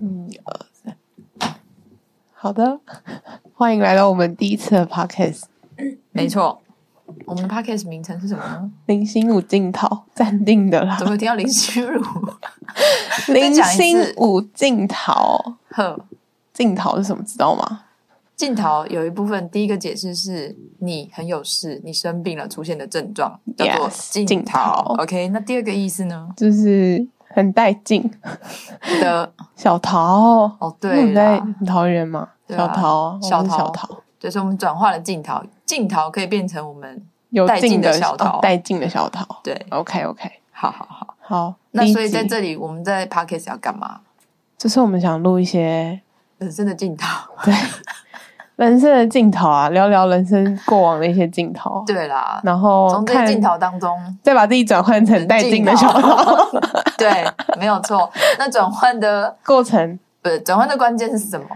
嗯，二三，好的，歡迎來到我們第一次的 podcast。沒錯，嗯，我們的 podcast 名稱是什麼呢？零星五鏡頭，暫定的啦。怎麼聽到零星五？零星五鏡頭呵，鏡頭是什麼，知道嗎？鏡頭有一部分，第一個解釋是你很有事，你生病了，出現的症狀叫做鏡頭。OK，那第二個意思呢？就是。很帶勁的小桃哦，對啦，我們桃園嘛，小桃，小桃，啊，小桃，所以我們轉化，就是、了鏡頭，鏡頭可以變成我們有帶勁的小桃，帶勁的，哦，的小桃，對，對，OK OK，好好好，好。那所以在這裡，我們在 Podcast 要幹嘛？就是我們想錄一些本身的鏡頭，對。人生的鏡頭啊，聊聊人生過往的一些鏡頭。對啦，然後從這鏡頭當中，再把自己轉換成帶鏡的小孩。 對， 沒有錯。那轉換的過程，不，轉換的關鍵是什麼？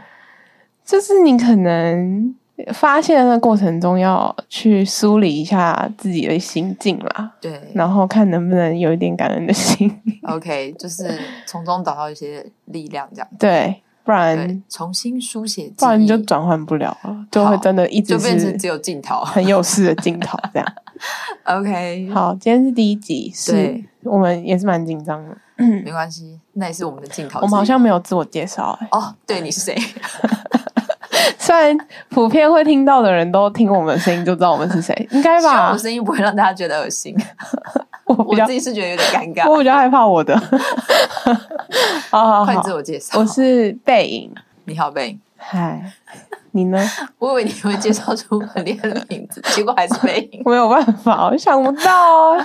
就是你可能發現的過程中，要去梳理一下自己的心境啦。對，然後看能不能有一點感恩的心。OK，就是從中找到一些力量，這樣。對。不然重新書寫，不然就轉換不了了，就會真的一直的就變成只有鏡頭，很有事的鏡頭這樣。OK，好，今天是第一集，是對我們也是蠻緊張的。嗯， 沒關係，那也是我們的鏡頭。我們好像沒有自我介紹哎、欸。哦、oh，對，你是誰？ 雖然普遍會聽到的人都聽我們的聲音就知道我們是誰，應該吧？我的聲音不會讓大家覺得惡心。 我，我自己是覺得有點尷尬， 我比較害怕我的。 好，好，好好，好快自我介紹。我是背影，你好背影。嗨，Hi, 你呢？ 我以為你會介紹出很厲害的名字， 結果還是背影。 我沒有辦法，我想不到啊。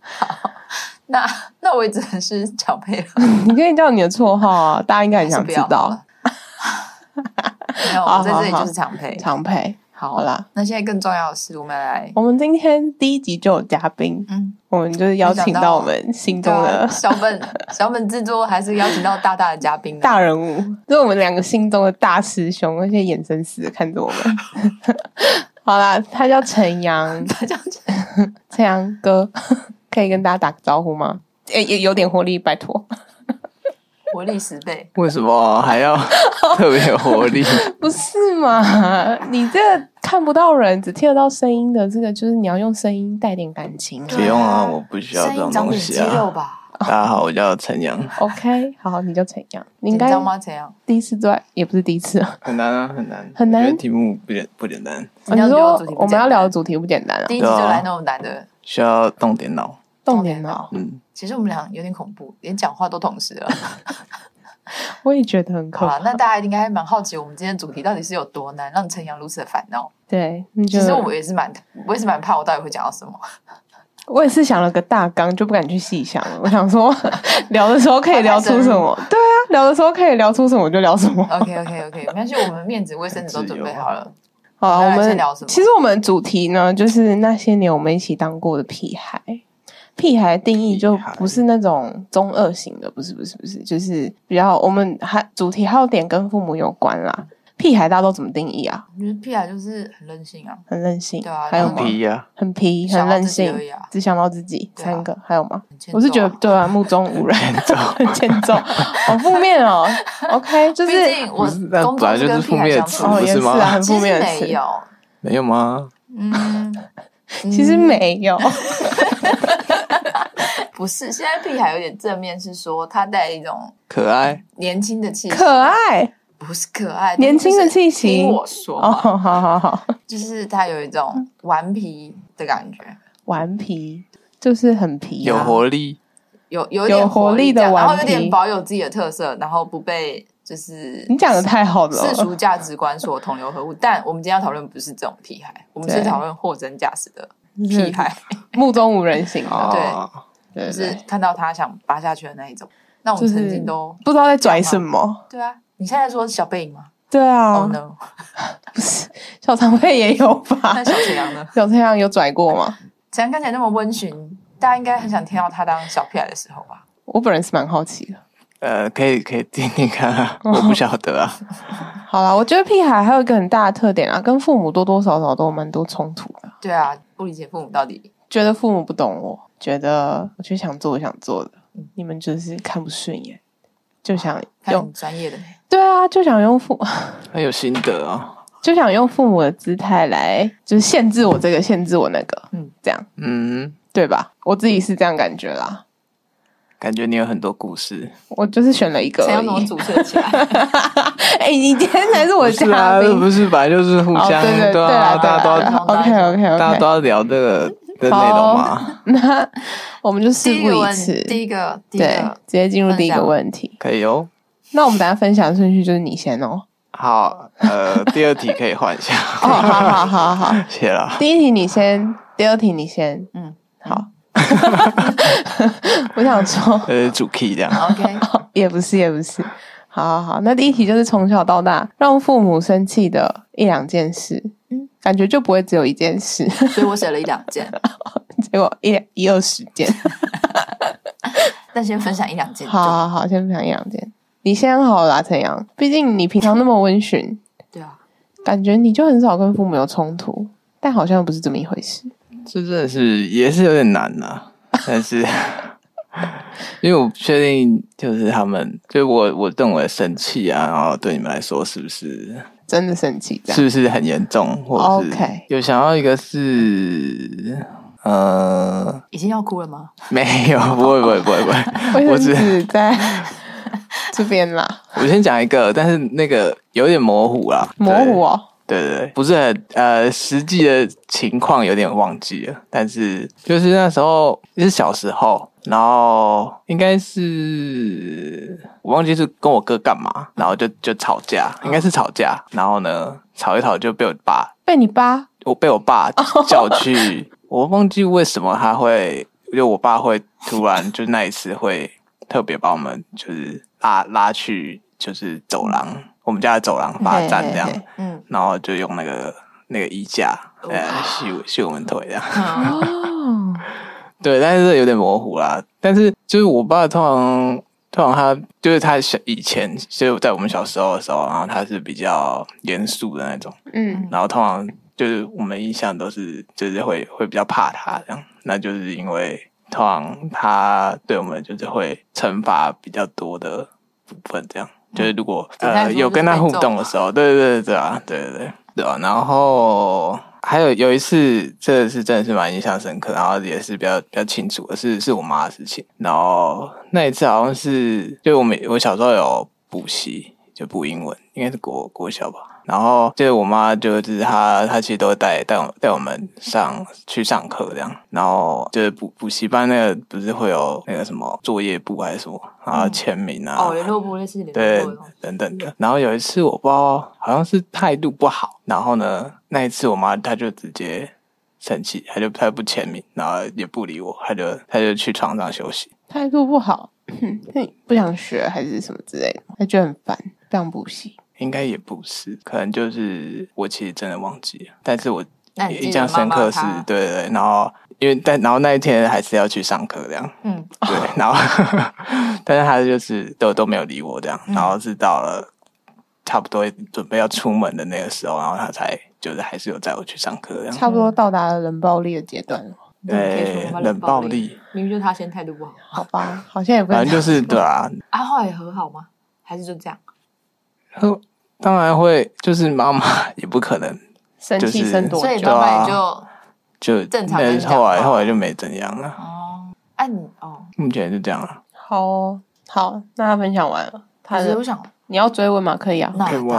好，那那我也只能是常配了。 你可以叫你的綽號啊， 大家應該很想知道。沒有，我在這裡就是常配。常配。好啦，好啦，那現在更重要的是，我們來，我們今天第一集就有嘉賓，嗯，我們就邀請到我們心中的、啊、小本小本制作，還是邀請到大大的嘉賓，大人物，就是我們兩個心中的大師兄，那些眼神死的看着我們。 好啦，他叫陳陽，他叫陳陳陽哥，可以跟大家打個招呼嗎？誒、欸，也有點活力，拜託， 活力十倍，為什麼還要特別有活力？ 不是嘛，你這個。看不到人，只聽得到聲音的，這個就是你要用聲音帶點感情。不、啊、用啊，我不需要這種東西啊。大家好，我叫陳陽。 OK，好，你叫陳陽。緊張嗎？陳陽，第一次做也不是第一次、啊、很難啊，很難。很難。我覺得題目不簡不簡單，你要不簡單、啊。你說我們要聊的主題不簡單啊？第一次就來那種難的、啊。需要動點腦，動點腦。嗯，其實我們倆有點恐怖，連講話都同時了。 我也覺得很好。那大家應該還蠻好奇，我們今天的主題到底是有多難，讓陳陽如此的煩惱？對，其實我也是蠻，我也是蠻怕，我到底會講到什麼？ 我也是想了個大綱，就不敢去細想了。我想說，聊的時候可以聊出什麼？對啊，聊的時候可以聊出什麼就聊什麼。 OK OK OK，沒關係，我們面子、衛生紙都準備好了。好，我們聊什麼。其實我們主題呢，就是那些年我們一起當過的屁孩。屁孩的定義就不是那種中二型的，不是不是不是，就是比較我們還主題還有點跟父母有關啦。屁孩大家都怎麼定義啊？我覺得屁孩就是很任性啊，很任性，對啊，還有嗎？很皮啊？很皮，很任性，想啊、只想到自己、啊，三個，還有嗎、啊？我是覺得對啊，目中無人，很欠揍，好 負健重 面哦、喔。OK，就是我本來就是負面詞，也是啊，很負面的詞，沒有嗎？嗯，其實沒有。沒有 不是，現在屁孩有點正面，是說他帶一種可愛、年輕的氣息。可愛不是可愛，年輕的氣息。聽我說，哦、好好 就是他有一種頑皮的感覺。頑皮就是很皮、啊，有活力，有有點活力，活力的頑皮，然後有點保有自己的特色，然後不被就是你講得太好了，世俗價值觀所同流合污。但我們今天要討論不是這種屁孩，我們是討論貨真價實的屁孩，目 中無人型的。哦、對。就是看到他想拔下去的那一種。那我們曾經都、就是、不知道在拽什麼。對啊，你現在說小背影嗎？對啊、oh、，no， 不是小長背也有吧？ 那小瀋陽呢？小瀋陽有拽過嗎？瀋陽看起來那麼溫馴，大家應該很想聽到他當小屁孩的時候吧？我本人是蠻好奇的。呃，可以可以聽、聽聽看，我不曉得啊。嗯、 好了，我覺得屁孩還有一個很大的特點啊，跟父母多多少少都有蠻多衝突的。對啊，不理解父母到底。覺得父母不懂我，覺得我就想做我想做的，嗯、你們就是看不順眼、欸，就想用專、啊、業的、欸、對啊，就想用父很有心得啊、哦，就想用父母的姿態來就是限制我這個，限制我那個，嗯，這樣，嗯，對吧？我自己是這樣感覺啦，感覺你有很多故事，我就是選了一個，誰要怎麼組設起來？哎、 欸，你今天才是我的嘉賓，不是、啊，這不是本來就是互相、哦、對，對，對、對啊。大家都 OK OK OK，大家都聊這個。好，那我們就事不宜遲 一次，第一個，第一個對，直接進入第一個問題，可以哦。那我們大家分享的順序就是你先哦。好，呃， 第二題可以換一下，好、哦、好好好好，謝了。第一題你先， 第二題你先，嗯，好。 我想說，呃， 主 key 這樣 ，OK，也不是也不是，好好好。那第一題就是從小到大讓父母生氣的一兩件事。嗯，感覺就不會只有一件事，所以我寫了一兩件 ，結果一一二十件 那 先分享一兩件。好好好，先分享一兩件。你先好了、啊，陳陽，畢竟你平常那麼溫馴、嗯，對啊，感覺你就很少跟父母有衝突，但好像不是這麼一回事。這真的是也是有點難吶、啊，但是 因為我不確定就是他們，就我我認為生氣啊，然後對你們來說是不是？真的生氣，是不是很嚴重？或者是有想要一個是、okay，呃，已經要哭了嗎？沒有，不會，不會，不會，不會。我只是在 這邊啦。我先講一個，但是那個有點模糊啦，模糊哦。對對對，不是很呃，實際的情況有點忘記了。但是就是那時候是小時候。然後應該是我忘記是跟我哥幹嘛，然後就就吵架，應該是吵架。然後呢，吵一吵就被我爸被你爸，我被我爸叫去。 我忘記為什麼他會，因為我爸會突然就那一次會特別把我們就是拉拉去就是走廊，我們家的走廊罰站這樣嘿嘿嘿。嗯，然後就用那個那個衣架來吸吸我們腿這樣。哦。對，但是這有點模糊啦。但是就是我爸通常、通常他就是他小以前，就是在我們小時候的時候，然後他是比較嚴肅的那種，嗯。然後通常就是我們印象都是就是會會比較怕他這樣，那就是因為通常他對我們就是會懲罰比較多的部分，這樣、嗯。就是如果、嗯、呃有跟他互動的時候，對對對對啊，對對對，對啊、然後。還有有一次，這個是真的是蠻印象深刻，然後也是比較比較清楚的是，是是我媽的事情。然後那一次好像是，就我們我小時候有補習，就補英文，應該是國國小吧。然後就是我媽就是她，她其實都會帶帶我帶我們上去上課這樣。然後就是補補習班那個不是會有那個什麼作業簿還是什麼，然後簽名啊，嗯、哦、聯絡簿類似，對，等等的。然後有一次我不知道，好像是態度不好，然後呢。那一次，我媽她就直接生氣，她就她就不簽名，然後也不理我，她就她就去床上休息。態度不好，那你不想學還是什麼之類的？她就很煩，非常不行。應該也不是，可能就是我其實真的忘記了，但是我印象深刻是對對對。然後因為但然後那一天還是要去上課，這樣嗯對，然後、哦、 但是她就是都都沒有理我這樣，然後是到了、嗯、差不多準備要出門的那個時候，然後她才。就是還是有載我去上課，差不多到達了冷暴力的階段。對、嗯欸，冷暴力。明明就他先態度不好，好吧，好像也不。反、啊、正就是對啊。阿、啊、後來和好嗎？還是就這樣？和當然會，就是媽媽也不可能、就是、生氣生多久就、啊、媽媽也就正常。那後來後來就沒怎樣了哦。哎，你哦，目前就這樣了。好，好，那他分享完了，他我想，你要追問嗎？可以啊，那可以問。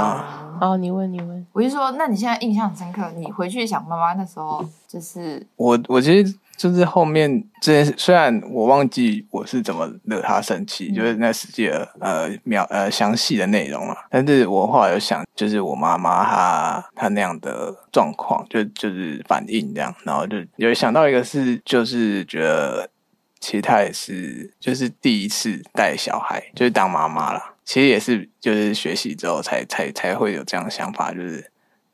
哦、，你問你問，我就說，那你現在印象很深刻？你回去想，媽媽那時候就是我，我其實就是後面這件事，雖然我忘記我是怎麼惹她生氣，嗯、就是那細節呃描呃詳細的內容了，但是我後來有想，就是我媽媽她她那樣的狀況，就就是反應這樣，然後就有想到一個事，就是覺得其實她也是，就是第一次帶小孩，就是當媽媽了。其實也是，就是學習之後才才才會有這樣的想法，就是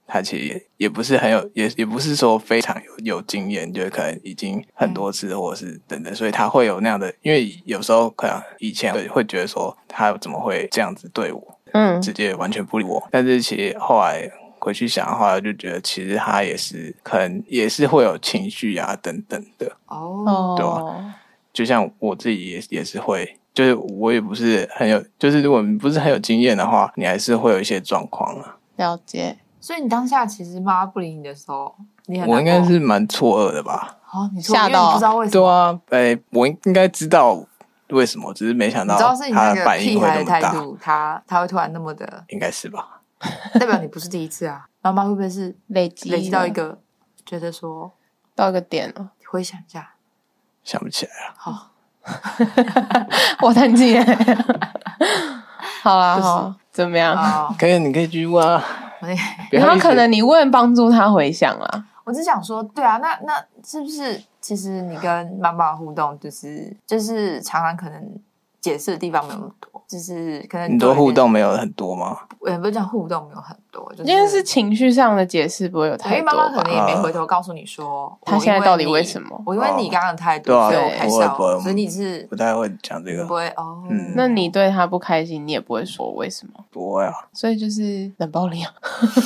他其實也也不是很有，也也不是說非常有有經驗，就是、可能已經很多次或者是等等，所以他會有那樣的。因為有時候可能以前會會覺得說他怎麼會這樣子對我，嗯，直接完全不理我。但是其實後來回去想的話，就覺得其實他也是可能也是會有情緒啊等等的。哦。對吧？就像我自己也也是會。就是我也不是很有，就是如果你不是很有經驗的話，你還是會有一些狀況啊。了解，所以你當下其實媽媽不理你的時候，你很難，我應該是蠻錯愕的吧？好、哦，你嚇到，對啊，哎、欸，我應該知道為什麼，只是沒想到她，你知道是你的屁孩態度，他他會突然那麼的，應該是吧？ 代表你不是第一次啊，媽媽會不會是累積累積到一個覺得說到一個點了？回想一下，想不起來了、啊。好、哦。我登記，好啊，就是、 怎麼樣？ 可以， 你可以去問啊。有沒有 可能你問，幫助他回想啊。 我只想說，對啊，那那是不是其實你跟媽媽的互動、就是，就是就是常常可能解釋的地方沒有那麼多，就是可能很多互動沒有很多嗎？ 也不是講互動沒有很多。今、就、天、是、是情緒上的解釋不會有太多，因為媽媽可能也沒回頭告訴你說、啊、他現在到底為什麼。我因為你剛剛的態度對、啊，所以我開心。所以你是不，不太會講這個。不會哦、嗯。那你對他不開心，你也不會說為什麼？不會啊。所以就是冷暴力啊。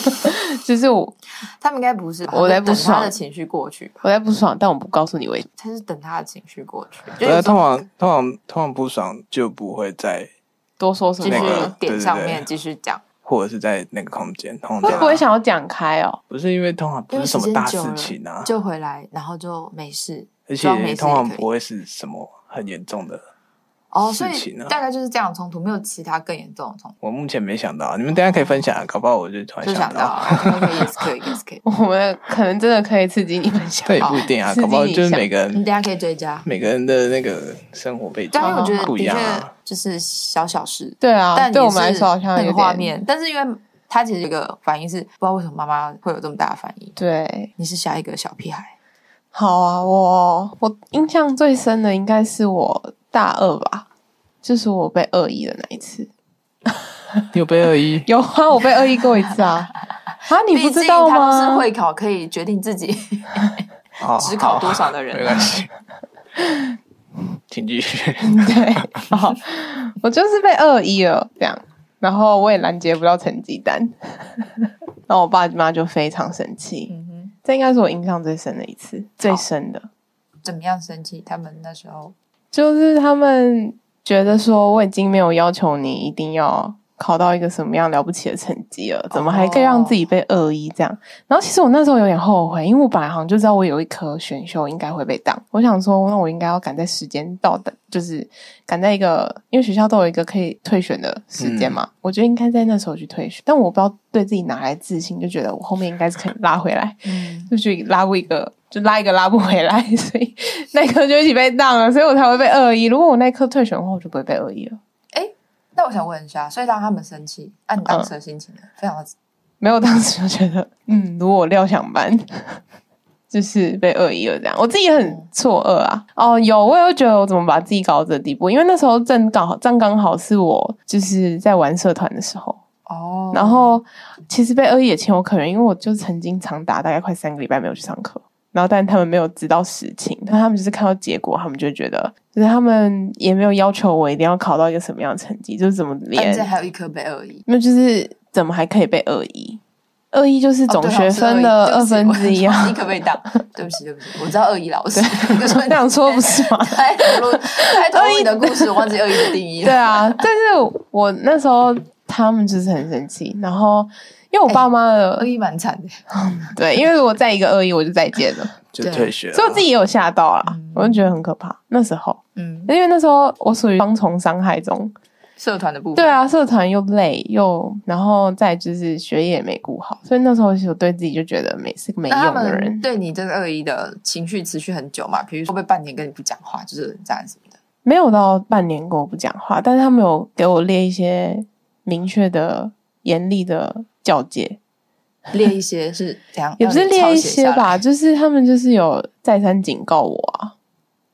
就是我， 他們應該不是我在不爽的情緒過去，我在不爽，在爽、嗯，但我不告訴你為什麼。他是等他的情緒過去，因、就、為、是、通常通常通常不爽就不會再、那個、多說什麼繼續點上面繼續講。對對對或者是在那個空間，通常、啊、會不會想要講開哦、喔？不是因為通常不是什麼大事情啊，就回來然後就沒事，而且通常不會是什麼很嚴重的事情、啊、哦，事情大概就是這樣衝突，沒有其他更嚴重的衝突。我目前沒想到，你們等一下可以分享、哦，搞不好我就突然想到,想到 可以， 我們可能真的可以刺激你們想。享，那也不一定啊，搞不好就是每個人，你等下可以追加，每個人的那個生活背景，對、嗯，我覺得不一樣。就是小小事，對啊，但對我們來說好像有畫面。但是因為他其實有一個反應是，不知道為什麼媽媽會有這麼大的反應。對，你是下一個小屁孩。好啊，我我印象最深的應該是我大二吧，就是我被二一的那一次。 有被二一？ 有啊，我被二一過一次啊！啊，你不知道嗎？他不是會考可以決定自己 只考多少的人。 請繼續。對， 我就是被二一了這樣，然後我也攔截不到成績單， 然後我爸媽就非常生氣。嗯哼，這應該是我印象最深的一次，最深的。怎麼樣生氣？他們那時候就是他們覺得說我已經沒有要求你一定要考到一個什麼樣了不起的成績了？怎麼還可以讓自己被惡意這樣？Oh. 然後其實我那時候有點後悔，因為我本來好像就知道我有一科選修應該會被當。我想說，那我應該要趕在時間到的，就是趕在一個，因為學校都有一個可以退選的時間嘛、嗯。我覺得應該在那時候去退選，但我不知道對自己哪來自信，就覺得我後面應該是可以拉回來，嗯、就去拉不一個，就拉一個拉不回來，所以那一科就一起被當了，所以我才會被惡意。如果我那科退選的話，我就不會被惡意了。我想問一下，所以讓他們生氣，按、啊、當時的心情呢，非、嗯、常沒有當時就覺得，嗯，如果我料想般， 就是被惡意了這樣。我自己也很錯愕啊。哦，有，我也會覺得我怎麼把自己搞到這個地步？因為那時候正剛好正剛好是我就是在玩社團的時候哦。然後其實被惡意也情有可原，因為我就曾經長達大概快三個禮拜沒有去上課。然後，但他們沒有知道實情，但他們就是看到結果，他們就覺得，就是他們也沒有要求我一定要考到一個什麼樣的成績，就是怎麼連還有一科被二一，那就是怎麼還可以被二一？二一就是總學分的二分之一啊，啊，一啊，你可不可以打？對不起，對不起，我知道二一老師，對 你這樣說不是嗎？在討論二一的故事，我忘記二一的定義。對啊，但是我，我那時候他們就是很生氣，然後。因為我爸媽的惡意蠻慘的，對，因為如果再一個惡意，我就再見了，就退學。所以我自己也有嚇到啊，我就覺得很可怕。那時候，嗯，因為那時候我屬於雙重傷害中社團的部分，對啊，社團又累又，然後再就是學業也沒顧好，所以那時候我對自己就覺得沒，是個沒用的人。對你這個惡意的情緒持續很久嘛，比如說會半年跟你不講話，就是這樣子。沒有到半年跟我不講話，但是他們有給我列一些明確的、嚴厲的。交接，列一些是這樣， 也不是列一些吧，就是他們就是有再三警告我啊，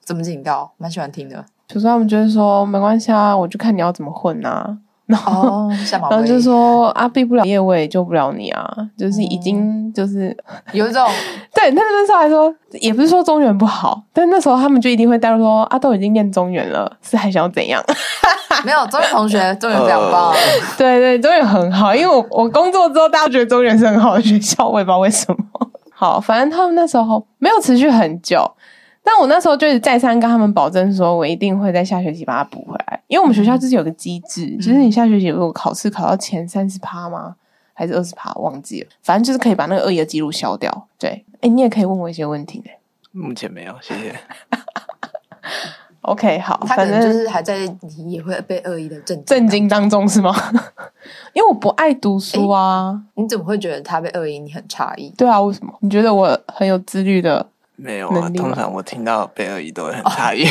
怎麼警告？蠻喜歡聽的，就是他們就是說沒關係啊，我就看你要怎麼混啊。然後、哦、然後就說啊，畢不了業我也救不了你啊，就是已經就是、嗯、有一種 對，那時候還說也不是說中原不好，但那時候他們就一定會帶入說啊，都已經念中原了，是還想要怎樣？ 沒有中原同學中原這樣報、呃，對對，中原很好，因為我我工作之後大家覺得中原是很好的學校，我也不知道為什麼。好，反正他們那時候沒有持續很久。但我那時候就是再三跟他們保證說，我一定會在下學期把它補回來。因為我們學校自己有個機制，其、嗯，就是你下學期如果考試考到前三十趴嗎，還是二十趴，忘記了，反正就是可以把那個惡意的記錄消掉。對，哎、欸，你也可以問我一些問題哎、欸。目前沒有，謝謝。 OK，好，他可能就是還在你也會被惡意的震驚震驚當中是嗎？因為我不愛讀書啊。欸、你怎麼會覺得他被惡意？你很詫異？對啊，為什麼？你覺得我很有自律的？沒有啊，通常我聽到貝爾意都會很詫異。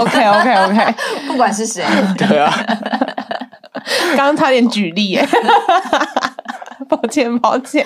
OK OK OK， 不管是誰。 對啊。剛 剛差點舉例耶、欸。 抱歉抱歉，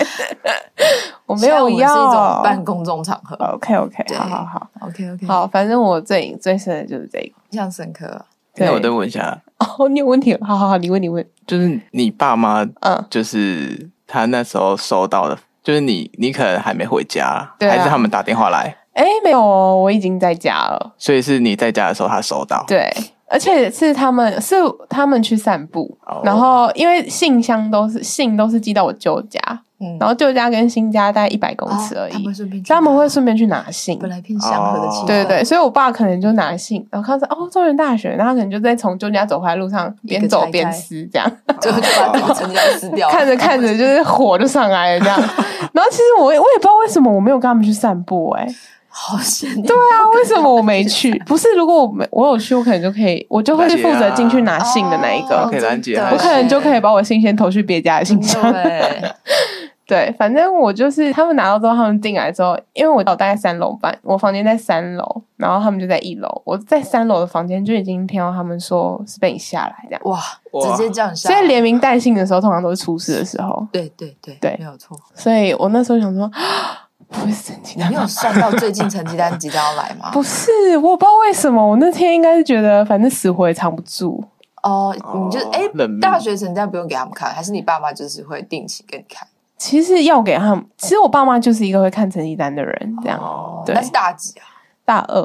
我沒有要。種辦公眾場合。Oh, OK OK，好好好。OK OK，好，反正我最最深的就是這個，印象深刻、啊。那我再問一下。哦、oh,，你有問題，好好好，你問你問，就是你爸媽，嗯，就是他那時候收到的。就是你，你可能還沒回家，對啊、還是他們打電話來？哎、欸，沒有哦，我已經在家了。所以是你在家的時候，他收到。對。而且是他們，是他們去散步，oh. 然後因為信箱都是信都是寄到我舅家、嗯，然後舅家跟新家大概一百公尺而已，oh, 他,們他們會順便去拿信。本來一片祥和的氣氛、oh. 對對所以我爸可能就拿信，然後看說哦，oh, 中原大學，然後他可能就在從舅家走回來路上，邊走邊撕這樣，就把點心撕掉，oh. 看着看着就是火就上來了這樣。Oh. 然後其實我也我也不知道為什麼我沒有跟他們去散步哎、欸。好羨慕！對啊，為什麼我沒去？ 不是，如果我沒我有去，我可能就可以，我就會負責進去拿信的那一個、啊 oh, 我攔截，我可能就可以把我信先投去別家的信箱。對， 對，反正我就是他們拿到之後，他們進來之後，因為我我大概三樓半，我房間在三樓，然後他們就在一樓。我在三樓的房間就已經聽到他們說是被你下來，這樣哇，哇，直接這樣下來。所以連名帶姓的時候，通常都是出事的時候。對對對對，對沒有錯。所以我那時候想說。不會是成績單單 你有算到最近成績單即將要來嗎？ 不是，我不知道為什麼。我那天應該是覺得，反正死活也藏不住。哦、呃，你就哎，大學成績單不用給他們看，還是你爸媽就是會定期給你看？其實要給他們。其實我爸媽就是一個會看成績單的人。這樣，哦，對，那是大幾啊？大二。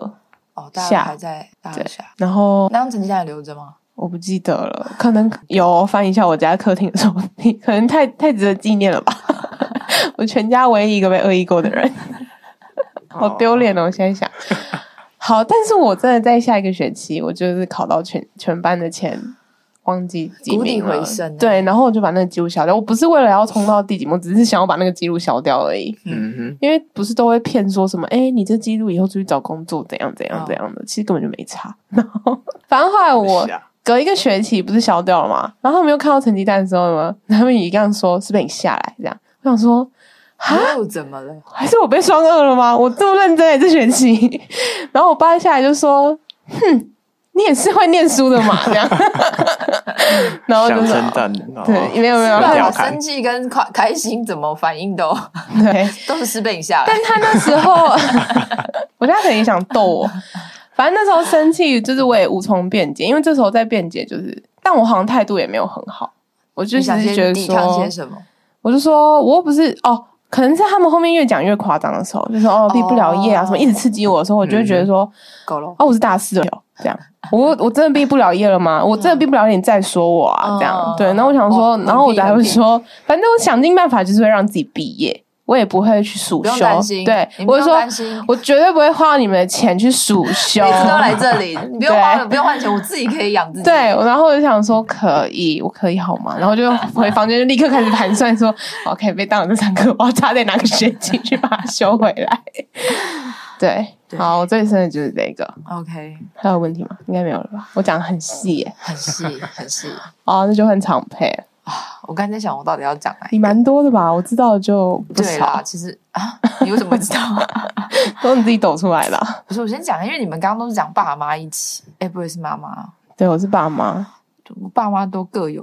哦，大二還在大下。然後，那成績單還留着嗎？我不記得了，可能有翻一下我家客廳的時候你可能太太值得紀念了吧。我全家唯一一個被惡意過的人， 好丟臉哦！我現在想，好，但是我真的在下一個學期，我就是考到全全班的前，忘記幾名了生、欸。對，然後我就把那個記錄消掉。我不是為了要衝到第幾，我只是想要把那個記錄消掉而已。嗯哼，因為不是都會騙說什麼？哎、欸，你這記錄以後出去找工作怎樣怎樣怎樣的，oh. 其實根本就沒差。然後，反正後來我隔一個學期不是消掉了嗎？然後沒有看到成績單的時候嗎？他們也一樣說，是不是你下來這樣？我想說。又怎麼了？還是我被雙惡了嗎？我這麼認真、欸，這學期， 然後我爸下來就說：“哼，你也是會念書的嘛，這樣。 ”然後就是對，沒有沒有，生氣跟開開心，怎麼反應都對都是十倍以下來。但他那時候， 我覺得可能逗我。反正那時候生氣，就是我也無從辯解，因為這時候在辯解，就是但我好像態度也沒有很好。我就覺得你想先說想些什麼，我就說，我又不是哦。可能是他們後面越講越誇張的時候，就說哦，畢不了業啊，哦、什麼一直刺激我的時候，嗯、我就會覺得說，夠了，哦，我是大四了，這樣，我我真的畢不了業了嗎？嗯、我真的畢不了業，你再說我啊，哦、這樣，對，那我想說、哦，然後我才會說，哦、反正我想盡辦法就是會讓自己畢業。嗯我也不會去暑修，不用擔心對不用擔心，我就說我絕對不會花你們的錢去暑修。你不都來這裡，你不用花了不用換錢，我自己可以養自己。對，然後我就想說可以，我可以好嗎？然後就回房間就立刻開始盤算說，說 OK 被當了這堂課，我要插在哪個學期去把它修回來？對，好，我最深的就是這個 OK，還有問題嗎？應該沒有了吧？我講得很細，很細，很細哦，那就很常配了我剛才在想，我到底要講啊？你蠻多的吧？我知道就對啦。其實啊，你為什麼會知道？ 都你自己抖出來啦。不是，我先講，因為你們剛剛都是講爸媽一起，哎、欸，不會是媽媽，對，我是爸媽。我爸媽都各有，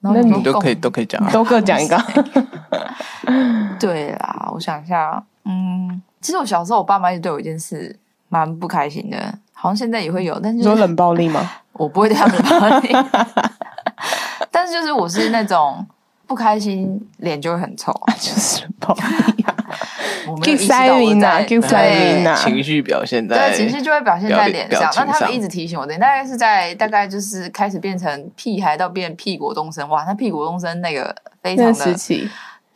然後你那你們都可以都可以講、啊，都各講一個。對啦，我想一下，嗯，其實我小時候我爸媽也對我一件事蠻不開心的，好像現在也會有，但是有、就是、冷暴力嗎？我不會對他冷暴力。 但是就是我是那種不開心 臉就會很臭，就是爆我們意識到我在 情緒表現在，對，情緒就會表現在臉上。上那他們一直提醒我的，等大概是在大概就是開始變成屁孩到變屁股東升哇，那屁股東升那個非常的時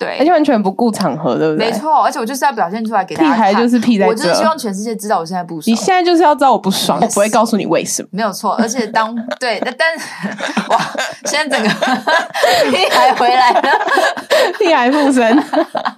對，而且完全不顧場合，對不對？沒錯，而且我就是要表現出來給大家看。屁孩就是屁孩，我就是希望全世界知道我現在不爽。你現在就是要知道我不爽，不，我不會告訴你為什麼。沒有錯，而且當 對，但，但哇，現在整個 屁孩回來了，屁孩附身。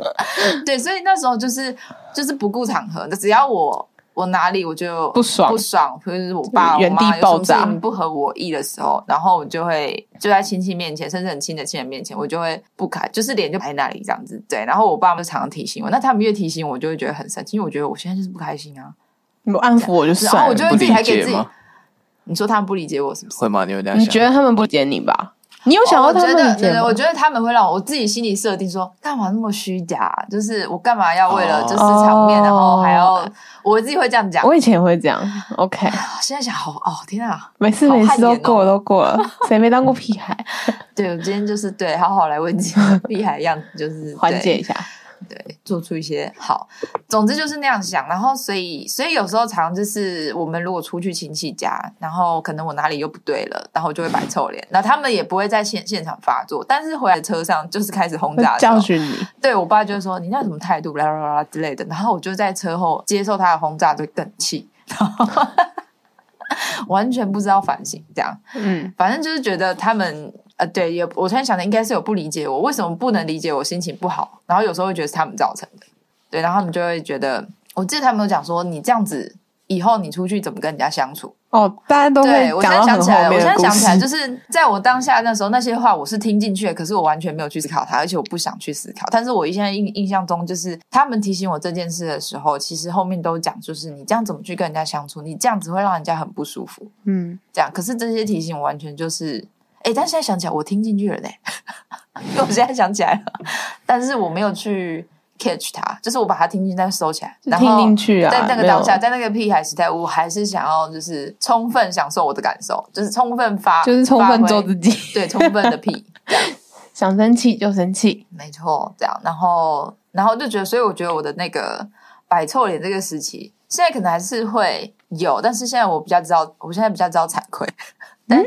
對，所以那時候就是就是不顧場合的，只要我。我哪裡我就不爽不爽，就是我爸我媽原地爆炸，有什麼很不合我意的時候，然後我就會就在親戚面前，甚至很親的親人面前，我就會不開，就是臉就擺那裡這樣子，對。然後我爸媽就常常提醒我，那他們越提醒我，我就會覺得很生氣，因為我覺得我現在就是不開心啊。你安撫我就算，然後、哦、我覺得自己還給自己，你說他們不理解我是不是，會嗎？你有這樣，你覺得他們不理解你吧？你你有想過、oh, 我覺得，我覺得他們會讓我自己心裡設定說，幹嘛那麼虛假？就是我幹嘛要為了就是場面，oh, 然後還要、oh. 我自己會這樣講。我以前也會這樣，OK、啊。現在想好，好哦，天啊，每次每次都過了、哦，都過了，誰沒當過屁孩？ 對，我今天就是，對，好好來問幾個屁孩的樣子，就是緩解一下，對，做出一些好。總之就是那樣想，然後所以所以有時候常常就是我們如果出去親戚家，然後可能我哪裡又不對了，然後就會擺臭臉，那他們也不會在現現場發作，但是回來車上就是開始轟炸，教訓你。對我爸就說你那什麼態度啦啦啦啦之類的，然後我就在車後接受他的轟炸，就更氣， 完全不知道反省這樣。嗯，反正就是覺得他們呃對，也我突然想的應該是有不理解我，為什麼不能理解我心情不好？然後有時候會覺得是他們造成的。對，然後你就會覺得，我記得他們都講說，你這樣子以後你出去怎麼跟人家相處？哦，大家都會講。對，我現在想起來了，我現在想起來，就是在我當下那時候那些話，我是聽進去了，可是我完全沒有去思考它，而且我不想去思考。但是我現在印印象中，就是他們提醒我這件事的時候，其實後面都講，就是你這樣怎麼去跟人家相處，你這樣子會讓人家很不舒服。嗯，這樣。可是這些提醒完全就是，哎，但現在想起來，我聽進去了嘞、欸。 因為我現在想起來了，但是我沒有去。catch 它，就是我把它聽進再收起來。聽進去啊！然後，在那個當下，在那個屁孩時代，我還是想要就是充分享受我的感受，就是充分發，就是充分做自己，對，充分的屁， 想生氣就生氣，沒錯，這樣。然後，然後就覺得，所以我覺得我的那個擺臭臉這個時期，現在可能還是會有，但是現在我比較知道，我現在比較知道慚愧、嗯，但。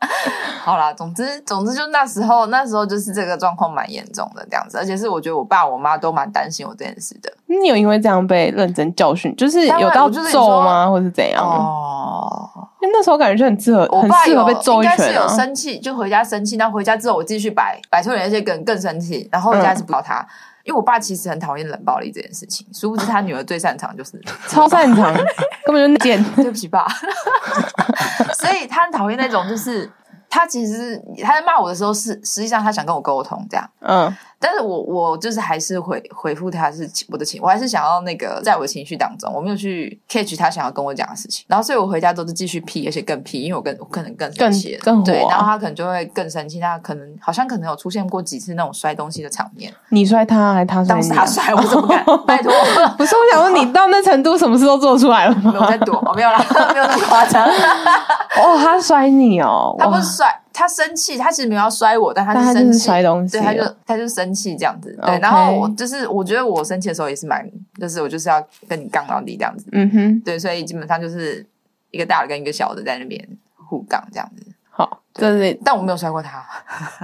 好啦，總之總之就那時候那時候就是這個狀況蠻嚴重的這樣子，而且是我覺得我爸我媽都蠻擔心我這件事的。你有因為這樣被認真教訓，就是有到揍嗎？當我就是說，或是怎樣？哦，因為那時候感覺就很適合，我爸有很適合被揍一拳，啊、應該是有生氣就回家生氣，那回家之後我繼續擺擺出那些梗，更生氣，然後就開不暴他。嗯因為我爸其實很討厭冷暴力這件事情，殊不知他女兒最擅長就是擅長超擅長，根本就賤，對不起爸。 所以他很討厭那種，就是他其實他在罵我的時候是，是實際上他想跟我溝通，這樣，嗯。但是我我就是還是會回復他是我的情，我還是想要那個在我的情緒當中，我沒有去 catch 他想要跟我講的事情，然後所以我回家都是繼續 p 而且更 p，因為我更我可能更生氣，更，更對。然後他可能就會更生氣，那可能好像可能有出現過幾次那種摔東西的場面。你摔他還他摔你？啊，當時他摔，我怎麼敢？ 拜託，不是我想問你到那程度，什麼事都做出來了，我、我在躲，我、哦、沒有啦， 沒有那麼誇張。哦，他摔你哦？他不是摔。他生氣，他其實沒有要摔我，但他是生氣，摔東西，對，他就他就生氣這樣子，okay. 對。然後我就是，我覺得我生氣的時候也是蠻，就是我就是要跟你槓到底這樣子，嗯哼。對，所以基本上就是一個大的跟一個小的在那邊互槓這樣子。好，對對，但我沒有摔過他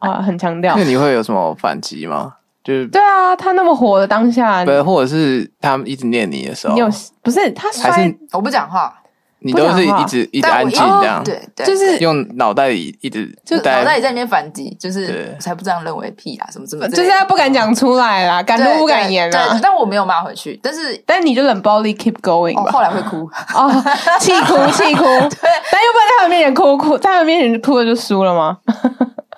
啊，很強調。那你會有什麼反擊嗎？就是對啊，他那麼火的當下，對，或者是他一直念你的時候，你有不是他摔是我不講話。你都是一直一直安靜這樣，哦、對，就是用腦袋裡一直就腦袋在那邊反擊，就是才不這樣認為屁啦什麼什麼類的，就現、是、在不敢講出來啦，哦、敢怒不敢言啦，但我沒有罵回去，但是但你就冷暴力 keep going，哦、後來會哭哦，氣哭氣哭。 對 但又不能在他們面前哭哭，在他們面前哭的就輸了嗎？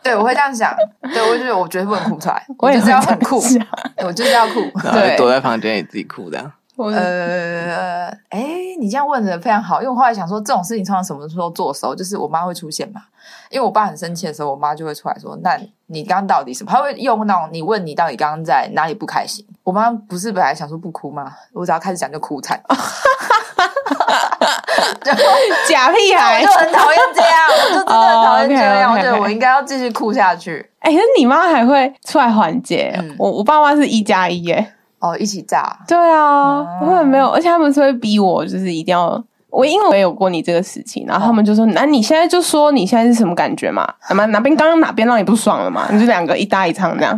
對我會這樣想， 對我覺得我覺得不能哭出來，我也是要很酷，我，我，就很酷 我就是要哭，對，躲在房間裡自己哭這樣。 呃，哎、欸，你這樣問得非常好，因為我後來想說這種事情通常，常什麼時候做的時候就是我媽會出現嘛。因為我爸很生氣的時候，我媽就會出來說：“那你剛到底什麼？”她會用那種你問你到底剛剛在哪裡不開心？我媽不是本來想說不哭嗎？我只要開始講就哭慘，哈 然後 假屁孩， 我就很討厭這樣，我就真的很討厭這樣。Oh, okay, okay, okay. 我覺得我應該要繼續哭下去。哎、欸，可是你媽還會出來緩解。嗯、我我爸媽是一加一，耶哦、oh,，一起炸？對啊，根、uh... 本沒有，而且他們是會逼我，就是一定要我，因為我也有過你這個事情，然後他們就說：“那、oh. 啊、你現在就說你現在是什麼感覺嘛？什麼哪邊剛剛哪邊讓你不爽了嘛？”你就兩個一搭一唱這樣，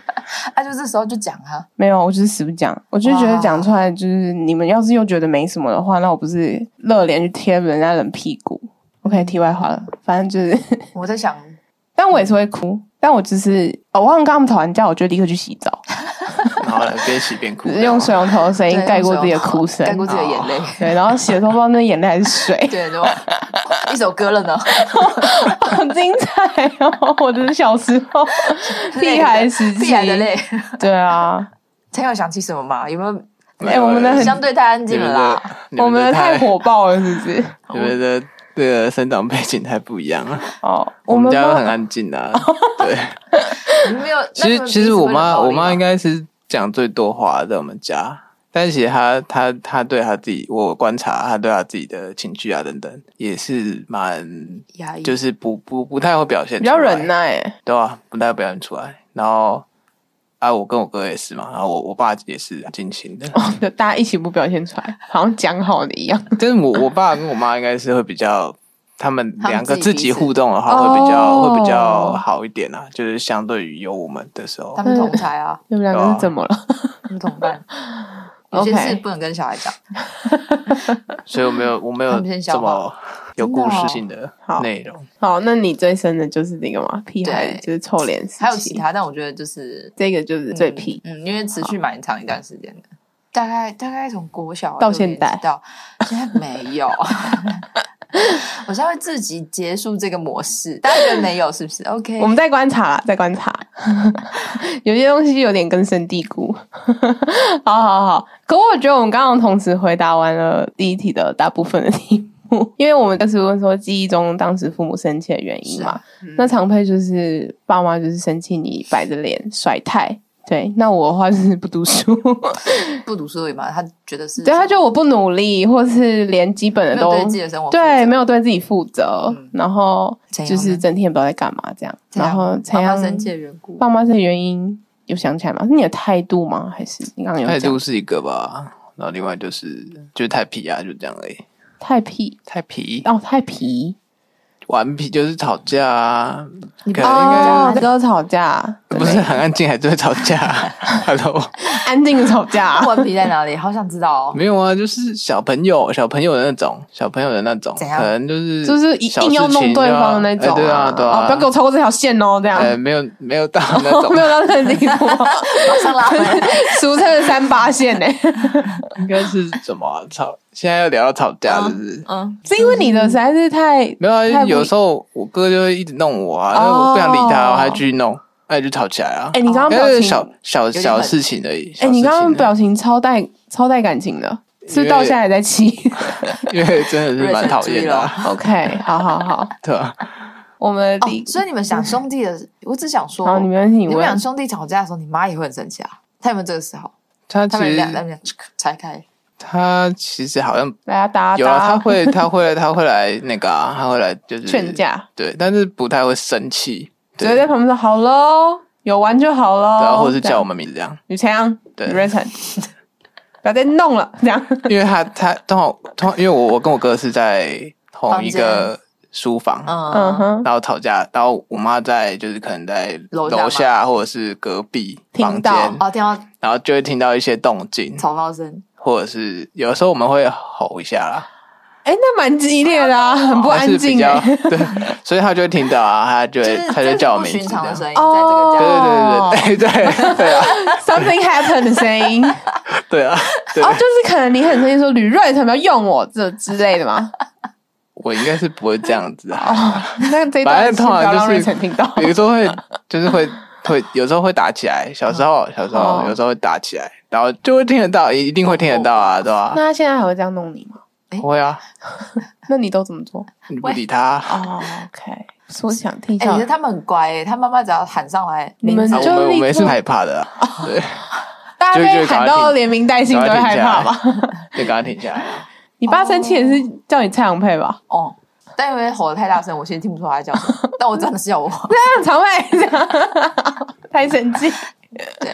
啊，就這時候就講啊，沒有，我就是死不講，我就覺得講出來就是、wow. 你們要是又覺得沒什麼的話，那我不是熱臉去貼人家冷屁股？OK，題外話了，反正就是 我在想，但我也是會哭， 但我只、就是我剛、哦、跟他們吵完架，我就立刻去洗澡。好了，邊洗邊哭，只用水龍頭的聲音蓋過自己的哭聲，蓋過自己的眼淚。Oh. 對，然後洗了頭髮那眼淚還是水。 對，對吧，一首歌了呢，很 精彩哦、喔！我的小時候，屁孩時期，屁孩的淚。對啊，才有想起什麼嗎？有沒有？哎、欸欸，我們的相對太安靜了啦，啦我們的太火爆了，是不是？我們的這個生長背景太不一樣了。哦、oh,，我們家都很安靜的、啊。 對，沒有。 其實，其實我媽，我媽應該是。講最多話的在我們家，但是其實他他他對他自己，我觀察他對他自己的情緒啊等等，也是蠻壓抑，就是不不不太會表現出來。比較忍耐，對啊，不太會表現出來。然後啊，我跟我哥也是嘛，然後我我爸也是盡情的，就 大家一起不表現出來，好像講好的一樣。但、就是我我爸跟我媽應該是會比較。他們兩個自己互動的話，會比較、oh. 會比較好一點啊，就是相對於有我們的時候。嗯、他們同台啊，你們兩個怎麼了？你 他們同伴。Okay. 有些事不能跟小孩講。 所以我沒有，我沒有這麼有故事性的內容的、哦好。好，那你最深的就是那個嗎？屁孩就是臭臉。還有其他，但我覺得就是這個就是最屁。嗯，嗯因為持續蠻長一段時間的，大概大概從國小、啊、到現在到現在沒有。 我現在會自己結束這個模式，大家覺得沒有是不是？OK，我們再觀察啦，再觀察， 有些東西有點根深蒂固。 好好好，可我覺得我們剛剛同時回答完了第一題的大部分的題目，因為我們當時問說記憶中當時父母生氣的原因嘛，嗯、那長輩就是爸媽就是生氣你擺着臉甩態。對，那我的話是不讀書， 不讀書而已嘛。他覺得是， 對，他覺得我不努力，或是連基本的都，沒有對自己的生活負責，對，沒有對自己負責，嗯，然後就是整天也不知道在幹嘛這樣。然後，爸媽生氣的緣故，爸媽這原因有想起來嗎？是你的態度嗎？還是你剛剛有講？態度是一個吧？然後另外就是，就是太皮啊，就這樣嘞。太皮，太皮，哦，太皮，頑皮就是吵架啊，嗯 OK，哦，知道吵架。不是很安靜，還是會吵架、啊。 Hello，安靜的吵架、啊，問題在哪裡？好想知道哦、喔。 沒有啊，就是小朋友，小朋友的那種，小朋友的那種，怎樣可能就是就是一定要弄對方的那種、啊欸。對啊，對啊，哦、不要給我超過這條線哦，這樣。哎、欸，沒有，沒有到，那種、啊 哦。沒有到那個地步，馬上拉回來。俗稱的三八線呢？ 應該是什麼、啊、吵？現在又聊到吵架，就是不是、嗯？嗯，是因為你的實在是太、就是嗯、沒有啊。有時候我哥就會一直弄我啊，因為我不想理他，我還繼續弄。哎，就吵起來啊。哎、欸，你剛剛表情小小小，小事情而已。哎、欸，你剛剛表情超帶超帶感情的，是，不是到現在在氣？因為， 因為真的是蠻討厭的。OK，好好好， 對吧、啊？我們、哦、所以你們想兄弟的、嗯，我只想說，好你，你們你們兩兄弟吵架的時候，你媽也會很生氣啊？他有沒有這個時候？他其實兩兩拆開，他其實好像大家有，他會他會他會來那個，他會來就是勸架，對，但是不太會生氣。直接在旁邊說好嘍，有玩就好嘍，然後，啊，或者是叫我們名字這樣。雨強，對 Ranson 不要再弄了這樣，因為他他正好，好，因為，我我跟我哥是在同一個書房，嗯哼，然後吵架，然後我媽在就是可能在樓下或者是隔壁房間，哦，聽到，然後就會聽到一些動靜，吵鬧聲，或者是有的時候我們會吼一下啦。哎、欸，那蠻激烈的啊，很不安靜、欸哦。對，所以他就會聽到啊，他就會，他就，是、就叫我名字。尋常的聲音、哦，對對對、欸、對對對對啊，something happened 的聲音。對啊， 對啊對、哦，就是可能你很生氣說呂銳他沒有用我這之類的嗎？我應該是不會這樣子、哦、啊。那這本來、就是、通常就是，有時候會，就是會會有時候會打起來。小時候，小時候、哦、有時候會打起來，然後就會聽得到，一定會聽得到啊，哦哦對吧、啊？那他現在還會這樣弄你嗎？我會啊，欸、 那你都怎麼做？你不理他，啊。Oh, OK，我想聽。一下。其，欸，實他們很乖、欸，他媽媽只要喊上來，你們就以，啊，我，我是害怕的，哦。對，大家被喊到連名帶姓都會害怕吧？得剛剛停下來才停下來，哦、你爸生氣也是叫你蔡陽配吧哦？哦，但因為吼的太大聲，我現在聽不出他叫。 但我真的是叫我，對啊，陽配，太神經，對。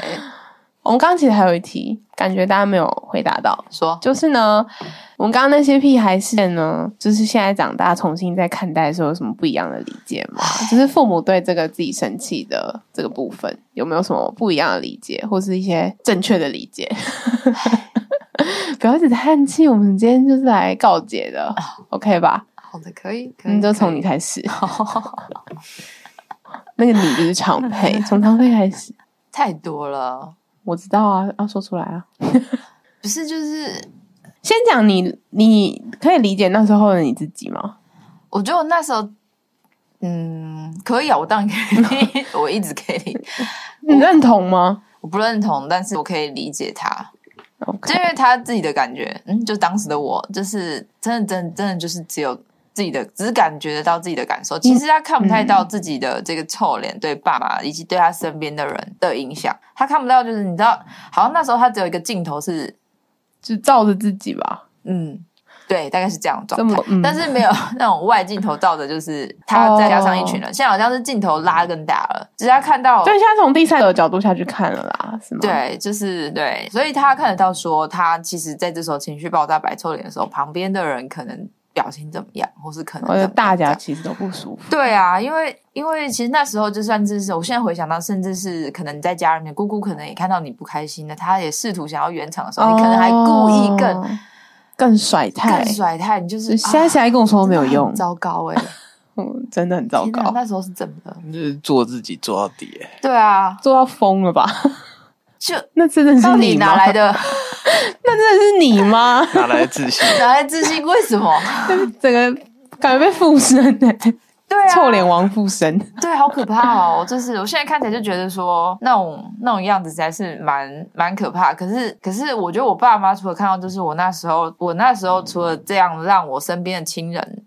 我們剛剛其實還有一題，感覺大家沒有回答到，說就是呢，我們剛剛那些屁孩事呢，就是現在長大重新再看待的時候，有什麼不一樣的理解嗎？就是父母對這個自己生氣的這個部分，有沒有什麼不一樣的理解，或是一些正確的理解？ 不要一直嘆氣，我們今天就是來告解的、啊、，OK 吧？好的，可以，可那就從你開始。 那個你就是常配， 從常配開始，太多了。我知道啊，要說出來啊， 不是就是先講你，你可以理解那時候的你自己嗎？我覺得我那時候，嗯，可以啊，我當然可以， 我一直可以。你認同嗎？我，我不認同，但是我可以理解他，Okay. 就因為他自己的感覺。嗯，就當時的我，就是真的，真的真的就是只有。自己的只是感覺得到自己的感受、嗯，其實他看不太到自己的這個臭臉對爸爸以及對他身邊的人的影響。他看不到，就是你知道，好像那時候他只有一個鏡頭是，就照着自己吧。嗯，對，大概是這樣的狀態，嗯，但是沒有那種外鏡頭照着，就是他再加上一群人。現、嗯、在好像是鏡頭拉更大了，只是他看到，對，現在從第三者的角度下去看了啦，是嗎？對，就是對，所以他看得到說，他其實在這時候情緒爆炸，擺臭臉的時候，旁邊的人可能。表情怎麼樣，或是可能樣樣大家其實都不舒服。對啊，因為因為其實那時候，就算這是我現在回想到，甚至是可能你在家裡面，姑姑可能也看到你不開心的，她也試圖想要圓場的時候、哦，你可能還故意更更甩態，更甩態，你就是現在起來跟我說都沒有用，糟糕哎，真的很糟糕，欸 很糟糕。那時候是怎麼的？你就是做自己做到底、欸，對啊，做到瘋了吧。就那真的是你拿來的，那真的是你嗎？哪來的 的 哪來的自信？ 哪來的自信？為什麼？ 整個感覺被附身呢？ 對啊，臭臉王附身，對，好可怕哦！ 就是我現在看起來就覺得說，那種那種樣子才是蠻蠻可怕。可是可是，我覺得我爸媽除了看到，就是我那時候，我那時候除了這樣讓我身邊的親人。嗯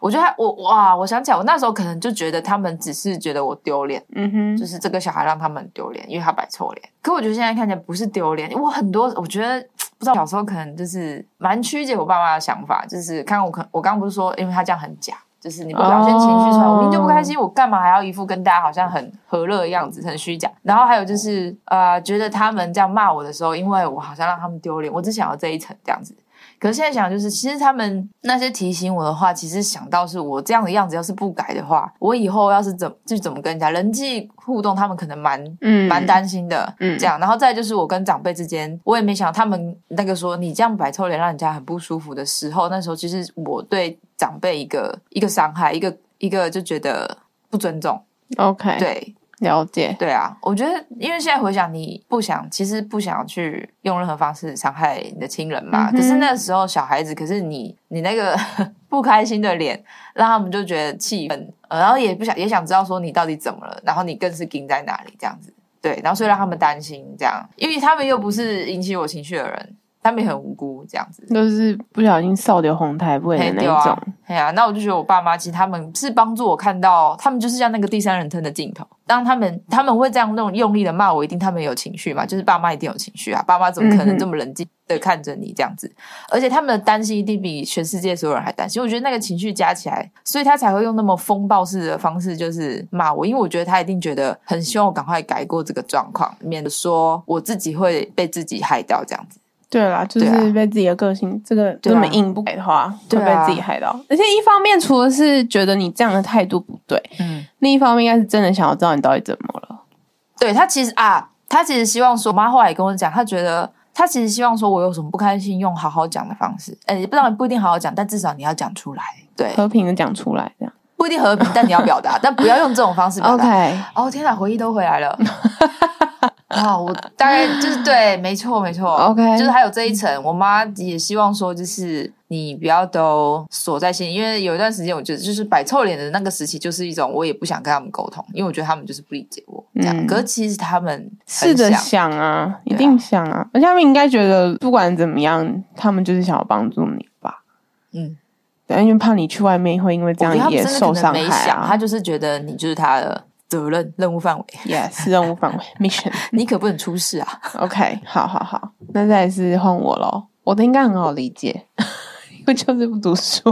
我覺得他我哇，我想起來，我那時候可能就覺得他們只是覺得我丟臉，嗯哼，就是這個小孩讓他們丟臉，因為他擺臭臉。可我覺得現在看起來不是丟臉，我很多，我覺得不知道小時候可能就是蠻曲解我爸媽的想法，就是看我可我剛不是說，因為他這樣很假，就是你不表現情緒出來，我明明就不開心，我幹嘛還要一副跟大家好像很和樂的樣子，很虛假。然後還有就是啊、哦呃，覺得他們這樣罵我的時候，因為我好像讓他們丟臉，我只想要這一層這樣子。可是現在想就是，其實他們那些提醒我的話，其實想到是我這樣的樣子，要是不改的話，我以後要是怎就怎麼跟人家人際互動，他們可能蠻嗯蠻擔心的，嗯這樣。然後再就是我跟長輩之間，我也沒想到他們那個說你這樣擺臭臉讓人家很不舒服的時候，那時候其實我對長輩一個一個傷害，一個一個就覺得不尊重。OK，對。了解，對啊，我覺得，因為現在回想，你不想，其實不想去用任何方式傷害你的親人嘛。嗯、可是那個時候小孩子，可是你，你那個 不開心的臉，讓他們就覺得氣憤，然後也不想，也想知道說你到底怎麼了，然後你更是盯在那裡這樣子，對，然後所以讓他們擔心這樣，因為他們又不是引起我情緒的人。他們也很無辜，這樣子都是不小心掃掉紅台不會很那一種。哎呀，啊，那我就覺得我爸媽其實他們是幫助我看到，他們就是像那個第三人稱的鏡頭。當他們他們會這樣那種用力的罵我，一定他們有情緒嘛，就是爸媽一定有情緒啊！爸媽怎麼可能這麼冷靜的看着你這樣子，嗯。而且他們的擔心一定比全世界所有人還擔心。我覺得那個情緒加起來，所以他才會用那麼風暴式的方式就是罵我，因為我覺得他一定覺得很希望我趕快改過這個狀況，免得說我自己會被自己害掉這樣子。對啦，就是被自己的個性、啊、這個這麼硬不改的話，就、啊、被自己害到。啊、而且一方面，除了是覺得你這樣的態度不對，嗯，另一方面，應該是真的想要知道你到底怎麼了。對，他其實啊，他其實希望說，我媽後來也跟我講，他覺得他其實希望說我有什麼不開心，用好好講的方式，哎、欸，不知道你不一定好好講，但至少你要講出來，對，和平的講出來，這樣不一定和平，但你要表達， 但不要用這種方式表達。OK，哦天哪，回憶都回來了。 啊、oh,，我大概就是 對，沒錯，沒錯，OK，就是還有這一層。我媽也希望說，就是你不要都鎖在心裡，因為有一段時間，我覺得就是擺臭臉的那個時期，就是一種我也不想跟他們溝通，因為我覺得他們就是不理解我。嗯，這樣可是其實他們試着想,是的想啊,啊，一定想啊，而且他們應該覺得不管怎麼樣，他們就是想要幫助你吧。嗯，但因為怕你去外面會因為這樣也受傷害、啊 okay, 他沒想，他就是覺得你就是他的。責任、任務範圍，Yes，任務範圍，Mission， 你可不能出事啊。OK，好好好，那再來是換我咯，我的應該很好理解，我 就是不讀書，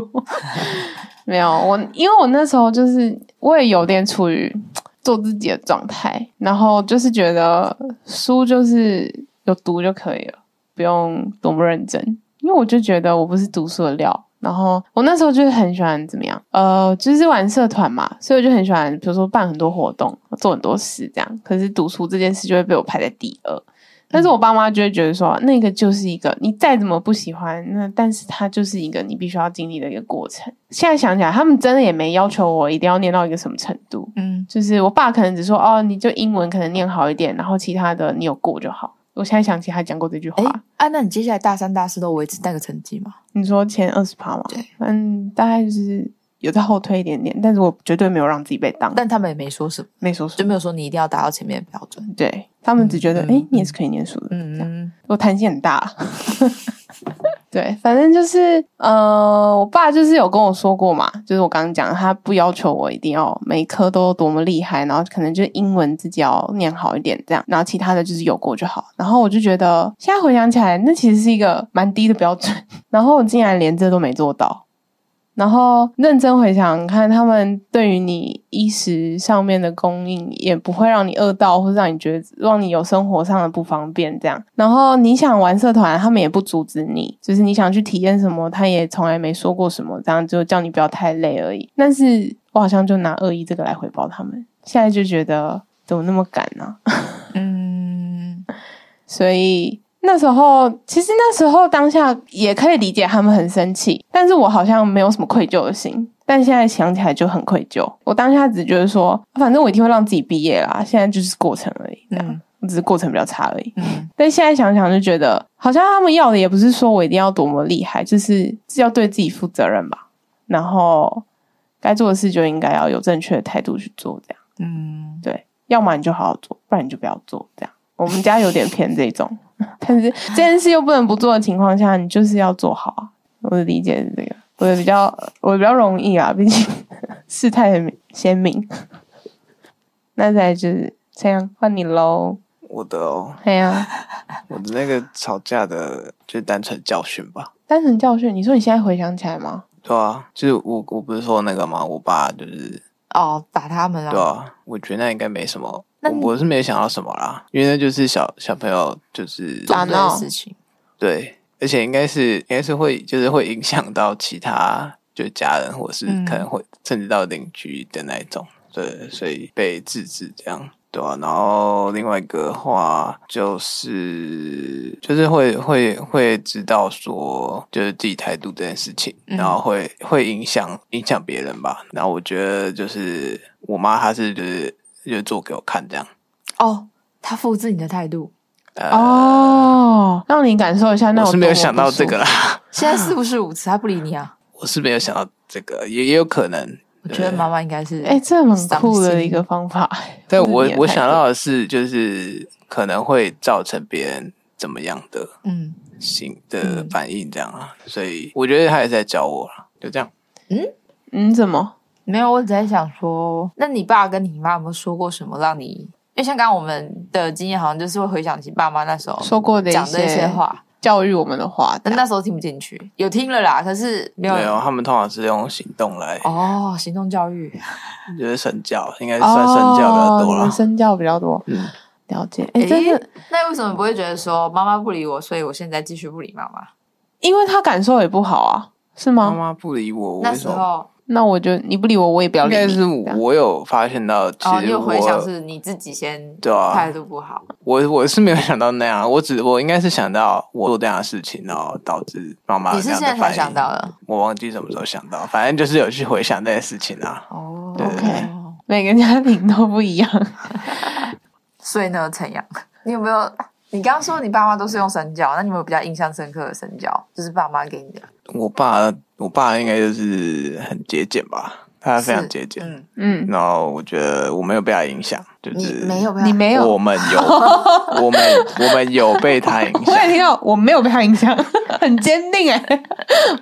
沒有，我，因為我那時候就是我也有點處於做自己的狀態，然後就是覺得書就是有讀就可以了，不用多麼認真，因為我就覺得我不是讀書的料。然後我那時候就是很喜歡怎麼樣，呃，就是玩社團嘛，所以我就很喜歡，比如說辦很多活動，做很多事這樣。可是讀書這件事就會被我排在第二，但是我爸媽就會覺得說，那個就是一個你再怎麼不喜歡，那但是它就是一個你必須要經歷的一個過程。現在想起來，他們真的也沒要求我一定要念到一個什麼程度，嗯，就是我爸可能只說哦，你就英文可能念好一點，然後其他的你有過就好。我現在想起他講過這句話，哎、欸啊，那你接下來大三、大四都維持帶個成績嗎？你說前二十趴嗎？對，嗯，大概就是有在後退一點點，但是我絕對沒有讓自己被當，但他們也沒說什麼沒說什麼，就沒有說你一定要達到前面的標準，對，他們只覺得，哎、嗯嗯欸，你也是可以念書的，嗯嗯、啊，我彈性很大、啊。 對，反正就是，呃，我爸就是有跟我說過嘛，就是我剛剛講，他不要求我一定要每一科都有多麼厲害，然後可能就英文自己要念好一點這樣，然後其他的就是有過就好。然後我就覺得，現在回想起來，那其實是一個蠻低的標準，然後我竟然連這都沒做到。然後認真回想看，他們對於你衣食上面的供應，也不會讓你餓到，或者讓你覺得讓你有生活上的不方便這樣。然後你想玩社團，他們也不阻止你，就是你想去體驗什麼，他也從來沒說過什麼，這樣就叫你不要太累而已。但是我好像就拿惡意這個來回報他們，現在就覺得怎麼那麼敢呢、啊？嗯， 所以。那時候其實那時候當下也可以理解他們很生氣，但是我好像沒有什麼愧疚的心，但現在想起來就很愧疚。我當下只覺得說，反正我一定會讓自己畢業啦，現在就是過程而已這樣。我、嗯、只是過程比較差而已。嗯，但現在想想就覺得，好像他們要的也不是說我一定要多麼厲害，就是，是要對自己負責任吧。然後該做的事就應該要有正確的態度去做，這樣。嗯，對，要麼你就好好做，不然你就不要做。這樣，我們家有點偏這種。 但是這件事又不能不做的情況下，你就是要做好啊！我的理解是這個，我也比較我也比較容易啊，畢竟事態很鮮明，那再來就是這樣換你嘍，我的哦，哎呀，我的那個吵架的就是、單純教訓吧，單純教訓，你說你現在回想起來嗎？對啊，就是我我不是說那個嗎？我爸就是哦打他們了，對啊，我覺得那應該沒什麼。我是沒有想到什麼啦，因為那就是小小朋友就是抓到的那個、事情，對，而且應該是應該是會就是會影響到其他，就是家人或是可能會、嗯、甚至到鄰居的那一種，對，所以被制止這樣，對吧、啊？然後另外一個的話就是就是會會會知道說就是自己態度這件事情，嗯、然後會會影響影響別人吧。然後我覺得就是我媽她是就是。就做給我看，這樣。哦、oh,，他複製你的態度。哦、呃，oh, 讓你感受一下那種。我是沒有想到這個啦。啦。現在是不是五次，他不理你啊？ 我是沒有想到這個，也也有可能。我覺得媽媽應該是、欸。哎，這麼酷的一個方法。但我我想到的是，就是可能會造成別人怎麼樣的嗯，行的反應這樣啊、嗯。所以我覺得他也是在教我啊，就這樣。嗯，你、嗯、怎麼？沒有，我只在想說，那你爸跟你媽有沒有說過什麼讓你？因為像剛剛我們的經驗，好像就是會回想起爸媽那時候說過講的一些，那些話，教育我們的話，但那時候聽不進去，有聽了啦，可是沒有。對、哦、他們通常是用行動來。哦，行動教育。覺得身教應該算身教比較多啦？身、哦、教比較多，嗯，了解。哎、欸欸，那為什麼不會覺得說媽媽不理我，所以我現在繼續不理媽媽？因為他感受也不好啊，是嗎？媽媽不理我，我為什麼？那時候。那我就，你不理我，我也不要理你，但是，我有發現到，其實我、哦、你有回想是你自己先態度不好。啊、我我是沒有想到那樣，我只我應該是想到我做這樣的事情，然後導致媽媽這樣的反應。你是現在才想到了？我忘記什麼時候想到，反正就是有去回想這件事情啊。哦對對對，OK，每個家庭都不一樣， 所以呢，陳陽，你有沒有？你剛說你爸媽都是用身教，那你們有，有比較印象深刻的身教，就是爸媽給你的？我爸，我爸應該就是很節儉吧，他非常節儉。嗯嗯，然後我覺得我沒有被他影響、嗯，就是沒有，你沒有被他影，我們有， 我們我們有被他影響。我也聽到我沒有被他影響，很堅定哎、欸。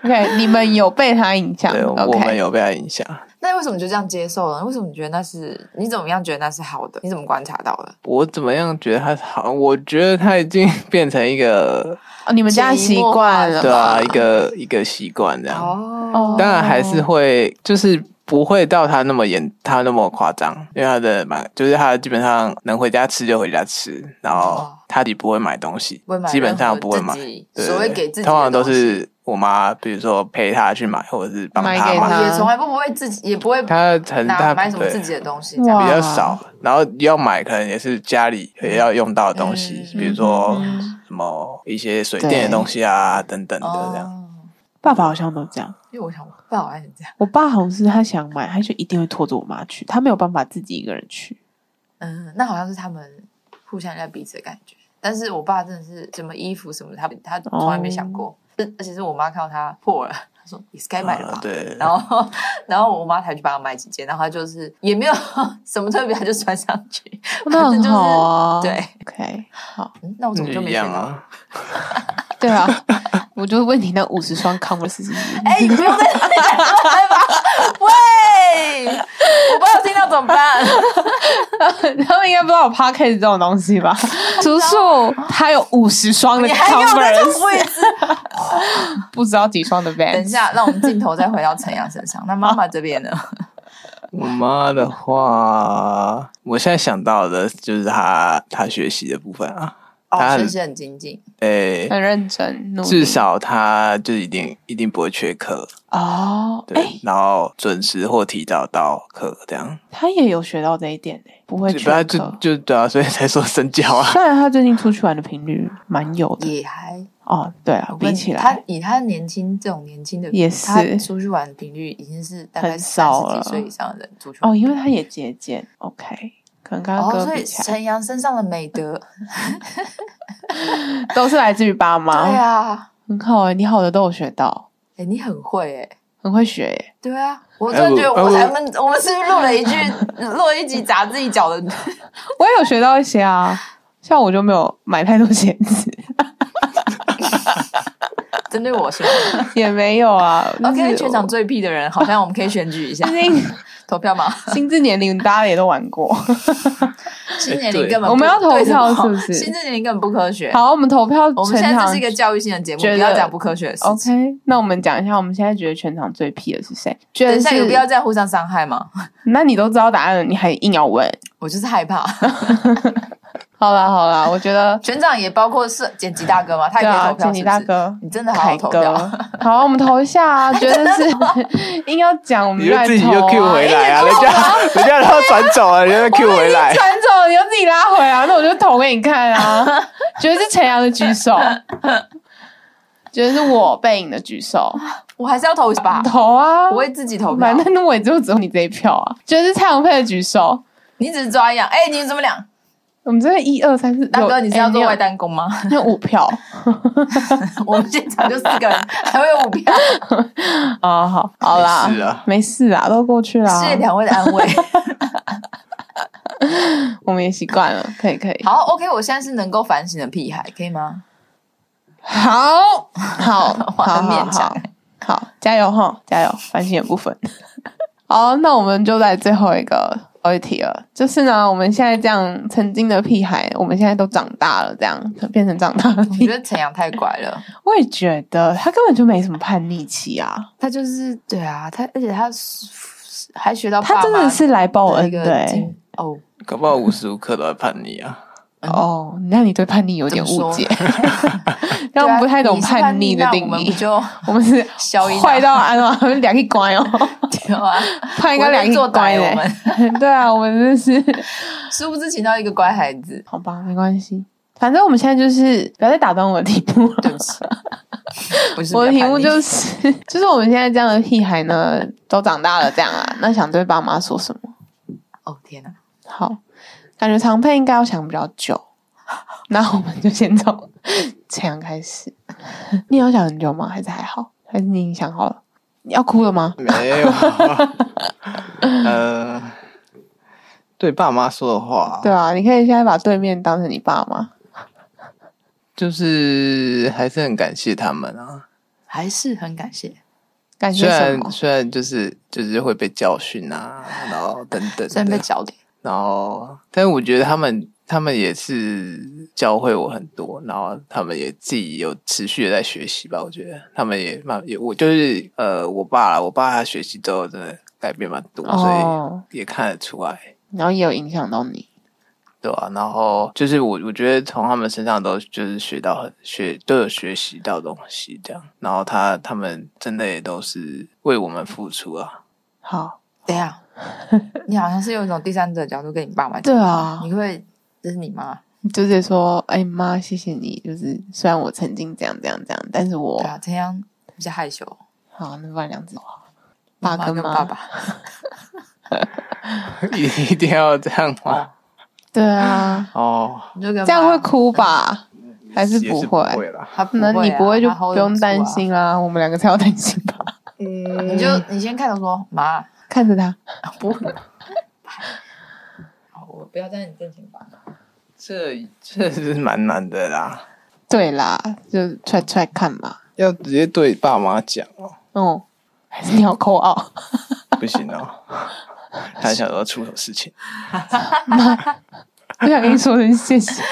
OK，你們有被他影響？對、okay，我們有被他影響。那為什麼就這樣接受了？為什麼你覺得那是你怎麼樣覺得那是好的？你怎麼觀察到的？我怎麼樣覺得它是好？我覺得他已經變成一個、哦、你們家習慣了。對啊，一個一個習慣這樣哦。當然還是會就是。不會到他那麼嚴，他那麼誇張，因為他的買就是他基本上能回家吃就回家吃，然後他也不會買東西，基本上不會買，所謂給自己。對對，通常都是我媽，比如說陪他去買，或者是幫他買。也從來都不會自己，也不會他很大他買什麼自己的東西這樣，比較少。然後要買可能也是家裡也要用到的東西，嗯嗯，比如說什麼一些水電的東西啊等等的這樣。爸爸好像都這樣，因為我想，我爸好像也是這樣。我爸好像是他想買，他就一定會拖着我媽去，他沒有辦法自己一個人去。嗯，那好像是他們互相在彼此的感覺。但是我爸真的是什麼衣服什麼，他他從來沒想過。哦、而且是我媽看到他破了，他說你該：“也是該買了吧？”對。然後，然後我媽才去幫他買幾件。然後他就是也沒有什麼特別，他就穿上去，那很好、啊 就是、對，OK，好、嗯，那我怎麼就沒想？了、啊？ 對啊，我就問你那五十雙 converse，哎，欸， 你不用在哪你講出來吧。喂，我不知道聽到怎麼辦。 他們應該不知道我 podcast 這種東西吧？叔叔，哦，他有五十雙的 converse，你 不知道幾雙的 band。等一下，讓我們鏡頭再回到陳陽身上。 那媽媽這邊呢？我媽的話，我現在想到的就是她，她學習的部分啊。他確實很精進，很認真，至少他就一定一定不會缺課哦。對、欸，然後準時或提早到課，這樣他也有學到這一點呢、欸，不會缺課。就就對啊，所以才說身教啊。雖然他最近出去玩的頻率蠻有的，也還哦，對啊，跟比起來他以他年輕這種年輕的，也是他出去玩的頻率已經是大概三十幾歲以上的人出去玩哦，因為他也節儉，OK。可能剛，剛、哦、所以陳陽身上的美德 都是來自於爸媽，對啊，很好誒、欸、你好的都有學到，哎、欸，你很會、欸，哎，很會學、欸，哎，對啊，我真的覺得我們我們是不是錄了一句， 錄了一集砸自己腳的，我也有學到一些啊， 像我就沒有買太多鞋子。針對我行也沒有啊。 OK，全場最屁的人， 好像我們可以選舉一下， 投票嗎？心智年齡 大家也都玩過，心 智年齡根本我們要投票是不是？心 智年齡根本不科學。好，我們投票。我們現在這是一個教育性的節目，不要講不科學的事。OK，那我們講一下，我們現在覺得全場最屁的是誰？覺得現在有必要再互相傷害嗎？ 那你都知道答案了，你還硬要問？我就是害怕。 好了好了，我覺得全場也包括是剪輯大哥嗎？他也可以投票是是、啊、剪輯大哥，你真的好好投票。好、啊，我們投一下啊。 覺得是應該 要講、啊，你就自己就 Q 回來啊！欸、人家人家都轉走、啊 啊、走了，人家要 Q 回來，轉走你又自己拉回來。那我就投給你看啊。 覺得是陳陽的舉手， 覺得是我背影的舉手， 我還是要投一下吧，投啊！我會自己投票。那那我也就只有你這一票啊。覺得是蔡文佩的舉手，你只是抓一樣。哎、欸，你怎麼兩？我們這邊一二三四，大哥、欸，你是要做外彈弓嗎？那五票， 我們現場就四個人，還會有五票？ 哦、好好好啦沒，沒事啦，都過去啦。謝謝兩位的安慰， 我們也習慣了，可以可以。好，OK，我現在是能夠反省的屁孩，可以嗎？好好， 我很勉強、欸。好，加油吼，加油，反省的部分。 好，那我們就來最後一個。就是呢，我們現在這樣，曾經的屁孩，我們現在都長大了，這樣變成長大了。我覺得陳陽太乖了， 我也覺得他根本就沒什麼叛逆期啊，他就是對啊，他而且他還學到，他真的是來報恩，對哦，搞不好無時無刻都在叛逆啊。 哦、oh, 嗯，那你對叛逆有點誤解， 對啊、 讓我們不太懂叛逆的定義。叛逆我們就我們是壞到安了，我們兩個乖哦， 對啊，叛一個兩個乖，我 們 對啊，我們、就是殊不知請到一個乖孩子。好吧，沒關係，反正我們現在就是不要再打斷我的題目了。 對不起，不是 我的題目就是，就是我們現在這樣的屁孩呢，都長大了，這樣啊？那想對爸媽說什麼？ 哦天哪、啊，好。感覺長配應該要想比較久，那 我們就先從這樣開始。你有想很久嗎？還是還好？還是你想好了？你要哭了嗎？沒有。 呃，對爸媽說的話，對啊，你可以現在把對面當成你爸媽。就是還是很感謝他們啊，還是很感謝。感謝雖然雖然就是就是會被教訓啊，然後等等，再被教。然後，但是我覺得他們，他們也是教會我很多。然後他們也自己有持續的在學習吧。我覺得他們也蠻，也我就是呃，我爸啦，我爸他學習之後真的改變蠻多，哦，所以也看得出來。然後也有影響到你，對啊，然後就是我，我覺得從他們身上都就是學到學都有學習到東西，這樣。然後他他們真的也都是為我們付出啊。好，等一下啊。 你好像是用一種第三者角度跟你爸媽講，對啊，你會就是你媽，你就是說，哎、欸、媽，謝謝你，就是雖然我曾經這樣這樣這樣，但是我、啊、這樣比較害羞、喔。好，那不然兩隻，爸跟,跟爸爸，你爸爸 一定要這樣嗎？對啊，哦、啊， 啊 oh. 這樣會哭吧？還是不會,是不會,不會？那你不會就不用擔心啦、啊啊，我們兩個才要擔心吧。嗯， 你就你先開頭說，媽。看着他， 啊，不， 我不要在你正經吧。這確實蠻難的啦。對啦，就踹踹看嘛。要直接對爸媽講哦。嗯，還是你要扣啊？ 不行哦、喔，太想要出什麼事情。媽， 我想跟你說聲謝謝。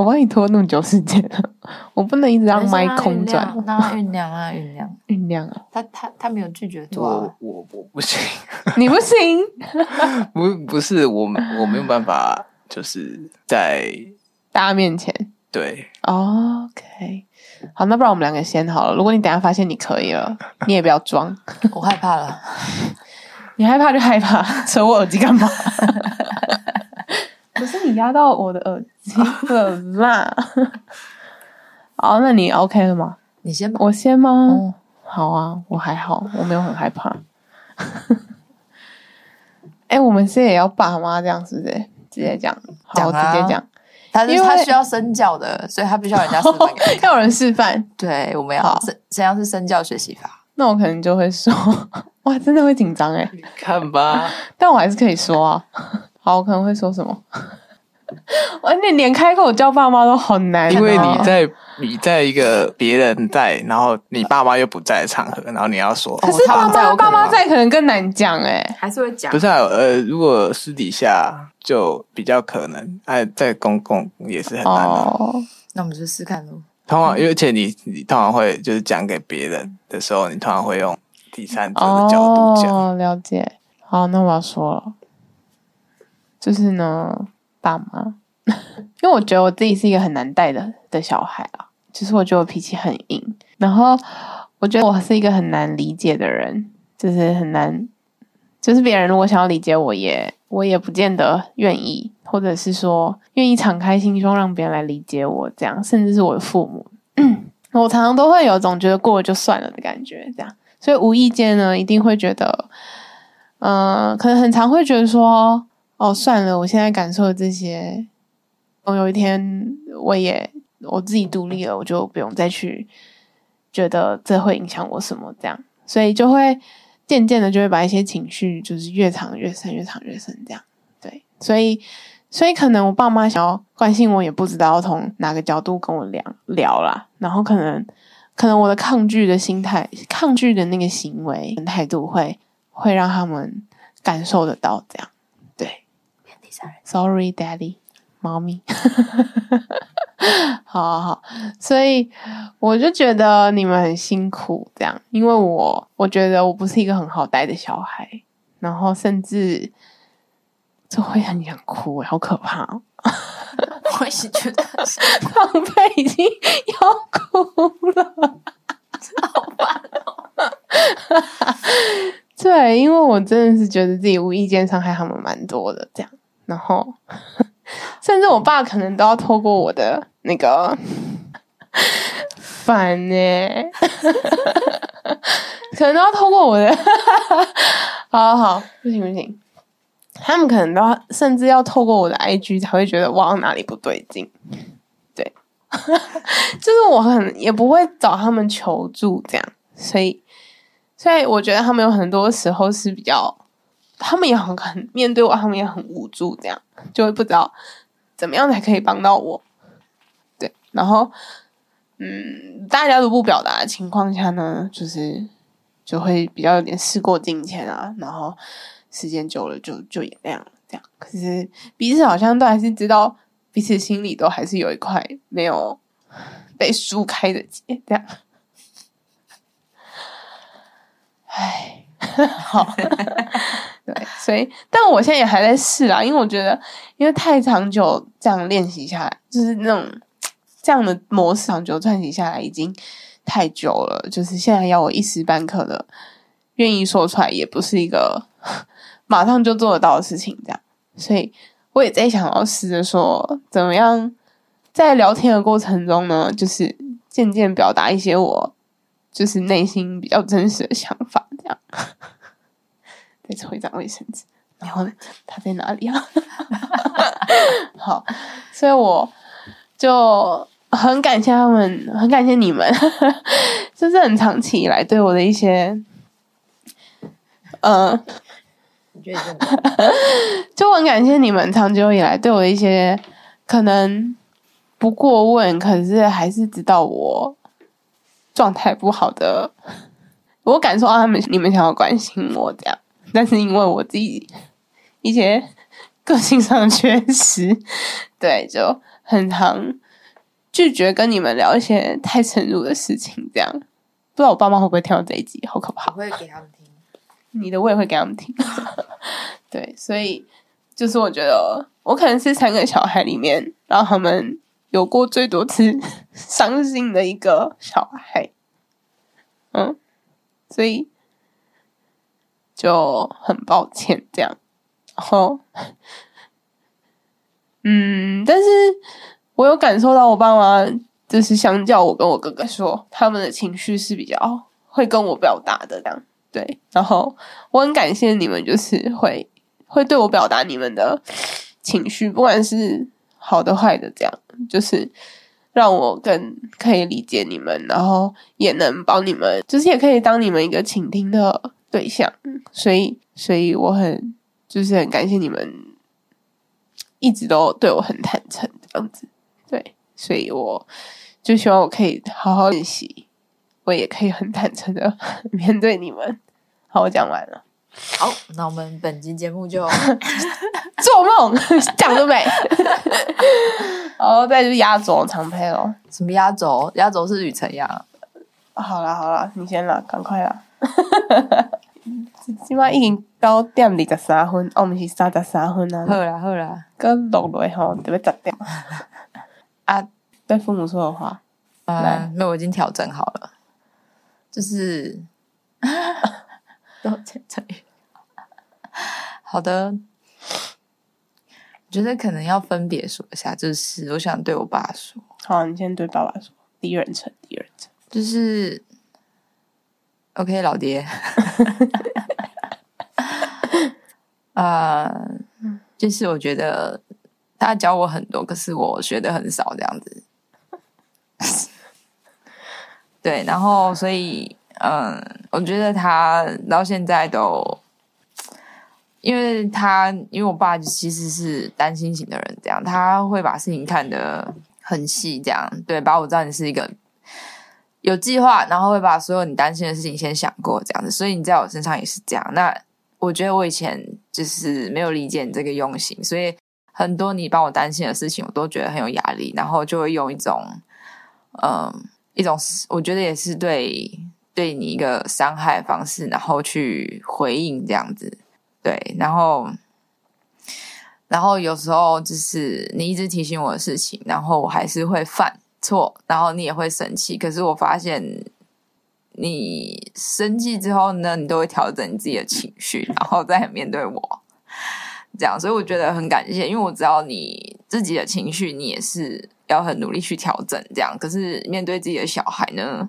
我幫你拖那麼久時間了，我不能一直讓麥空轉。那醞釀啊醞釀醞釀啊！他他他沒有拒絕做啊。我我我不行， 你不行？不不是我我沒有辦法就是在大家面前對。Oh, OK，好，那不然我們兩個先好了。如果你等一下發現你可以了，你也不要裝。 我害怕了， 你害怕就害怕，扯我耳機幹嘛？ 可是你壓到我的耳機了嘛。 好，那你 OK 了嗎？你先，我先嗎、哦？好啊，我還好，我沒有很害怕。哎、 欸，我們現在也要爸媽這樣子是不是，直接講，好、啊、直接講。他因為他需要身教的，所以他必須要人家示範、哦，要有人示範。對，我們要怎怎樣是身教學習法？那我可能就會說，哇，真的會緊張哎。你看吧， 但我還是可以說啊。好，我可能會說什麼？我 你連開口叫爸媽都好難，因為你在你在一個別人在， 然後你爸媽又不在的場合，然後你要說。可是爸媽、哦、在、啊，爸媽在，可能更難講哎、欸，還是會講。不是、啊、呃，如果私底下就比較可能，哎，在公共也是很難，難。哦，那我們就試看嘍。通常，而且你你通常會就是講給別人的時候，你通常會用第三者的角度講、哦。了解。好，那我要說了。就是呢，爸媽， 因為我覺得我自己是一個很難帶的的小孩啊。其實我覺得我脾氣很硬，然後我覺得我是一個很難理解的人，就是很難，就是別人如果想要理解我也，也我也不見得願意，或者是說願意敞開心胸讓別人來理解我這樣，甚至是我的父母， 我常常都會有種覺得過了就算了的感覺，這樣，所以無意間呢，一定會覺得，嗯、呃，可能很常會覺得說。哦，算了，我現在感受的這些，等、哦、有一天我也我自己獨立了，我就不用再去覺得這會影響我什麼這樣，所以就會漸漸的就會把一些情緒就是越藏越深，越藏越深這樣。對，所以所以可能我爸媽想要關心我，也不知道從哪個角度跟我聊聊啦，然後可能可能我的抗拒的心態、抗拒的那個行為跟態度會會讓他們感受得到這樣。Sorry, Daddy，Mommy，好好好，所以我就覺得你們很辛苦，這樣，因為我我覺得我不是一個很好帶的小孩，然後甚至這會讓你很想哭，好可怕哦！我也是覺得寶貝已經要哭了，好 煩煩哦。 對，因為我真的是覺得自己無意間傷害他們蠻多的，這樣。然後，甚至我爸可能都要透過我的那個煩呢， 可能都要透過我的， 好好，不行不行，他們可能都要甚至要透過我的 IG 才會覺得哇，哪裡不對勁，對， 就是我很也不會找他們求助這樣，所以所以我覺得他們有很多時候是比較。他們也很很面對我，他們也很無助，這樣就會不知道怎麼樣才可以幫到我。對，然後嗯，大家都不表達的情況下呢，就是就會比較有點事過境遷啊，然後時間久了就就也那樣了。這樣，可是彼此好像都還是知道，彼此心裡都還是有一塊沒有被疏開的結。這樣，唉。 好，對，所以，但我現在也還在試啦，因為我覺得，因為太長久這樣練習下來，就是那種這樣的模式長久練習下來已經太久了，就是現在要我一時半刻的願意說出來，也不是一個馬上就做得到的事情，這樣，所以我也在想要試着說，怎麼樣在聊天的過程中呢，就是漸漸表達一些我。就是內心比較真實的想法，這樣。 再抽一張衛生紙，然後呢，他在哪裡啊？ 好，所以我就很感謝他們，很感謝你們， 就是很長期以來對我的一些，嗯，你覺得呢？就很感謝你們長久以來對我的一些，可能不過問，可是還是知道我。狀態不好的，我感受到他們，你們想要關心我這樣，但是因為我自己一些個性上的缺失，對，就很常拒絕跟你們聊一些太深入的事情。這樣，不知道我爸媽會不會聽到這一集，好可怕！我會給他們聽，你的我也會給他們聽。 對，所以就是我覺得，我可能是三個小孩裡面，讓他們有過最多次。傷心的一個小孩，嗯，所以就很抱歉這樣，然後，嗯，但是我有感受到，我爸媽就是相較我跟我哥哥說，他們的情緒是比較會跟我表達的這樣，對，然後我很感謝你們，就是會會對我表達你們的情緒，不管是好的壞的，這樣就是。讓我更可以理解你們，然後也能幫你們，就是也可以當你們一個傾聽的對象，所以所以我很就是很感謝你們一直都對我很坦誠這樣子，對，所以我就希望我可以好好練習，我也可以很坦誠的面對你們。好，我講完了。好，那我們本期節目就 做夢講的美，然後 再就壓軸常配嘍。什麼壓軸？壓軸是旅程陽、啊。好了好了，你先了，趕快啦。起 碼 已經九點二十三分，我、哦、唔是三十三分啊。好啦好啦，佮落落吼就要十點。 啊，對父母說的話、啊，來，那我已經調整好了，就是。 都在這裡。好的，我覺得可能要分別說一下，就是我想對我爸說，好，你先對爸爸說，第一人稱，第一人稱，就是 OK，老爹，呃 uh, 就是我覺得他教我很多，可是我學得很少，這樣子。 對，然後所以。嗯，我覺得他到現在都，因為他因為我爸其實是擔心型的人，這樣，他會把事情看得很細，這樣對，把我知道你是一個有計劃，然後會把所有你擔心的事情先想過這樣子，所以你在我身上也是這樣。那我覺得我以前就是沒有理解你這個用心，所以很多你幫我擔心的事情，我都覺得很有壓力，然後就會用一種，嗯，一種我覺得也是對，對你一個傷害方式，然後去回應這樣子，對，然後，然後有時候就是你一直提醒我的事情，然後我還是會犯錯，然後你也會生氣。可是我發現，你生氣之後呢，你都會調整你自己的情緒，然後再面對我。這樣，所以我覺得很感謝，因為我知道你自己的情緒，你也是要很努力去調整。這樣，可是面對自己的小孩呢？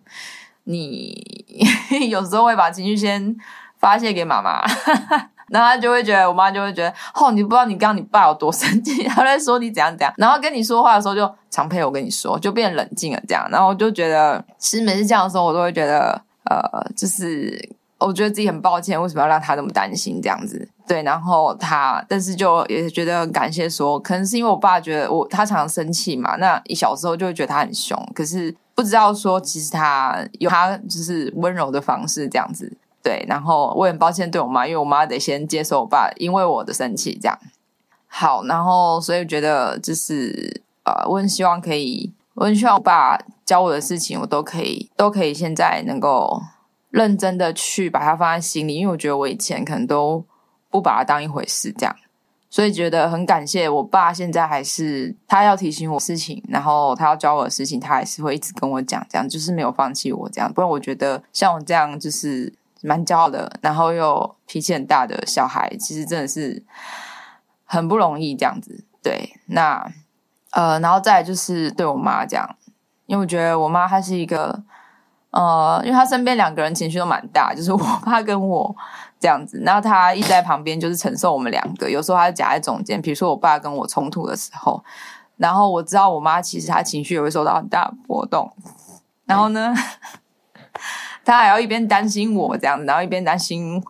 你有時候會把情緒先發洩給媽媽， 然後他就會覺得，我媽就會覺得，哦，你不知道你剛剛你爸有多生氣，他在說你怎樣怎樣，然後跟你說話的時候就常陪我跟你說，就變冷靜了這樣。然後我就覺得，其實每次這樣的時候，我都會覺得，呃，就是我覺得自己很抱歉，為什麼要讓他那麼擔心這樣子？對，然後他，但是就也覺得很感謝說，說可能是因為我爸覺得我，他常常生氣嘛，那小時候就會覺得他很兇，可是。不知道說，其實他有他就是溫柔的方式這樣子，對。然後我很抱歉對我媽，因為我媽得先接受我爸因為我的生氣這樣。好，然後所以覺得就是呃，我很希望可以，我很希望我爸教我的事情，我都可以，都可以現在能夠認真的去把它放在心裡，因為我覺得我以前可能都不把它當一回事這樣。所以覺得很感謝我爸，現在還是他要提醒我的事情，然後他要教我的事情，他還是會一直跟我講，這樣就是沒有放棄我這樣。不然我覺得像我這樣就是蠻驕傲的，然後又脾氣很大的小孩，其實真的是很不容易這樣子。對，那呃，然後再來就是對我媽這樣，因為我覺得我媽她是一個呃，因為她身邊兩個人情緒都蠻大，就是我爸跟我。這樣子，然後他一直在旁邊，就是承受我們兩個。有時候他夾在中間，比如說我爸跟我衝突的時候，然後我知道我媽其實她情緒也會受到很大的波動。然後呢，嗯、 他還要一邊擔心我這樣子，然後一邊擔心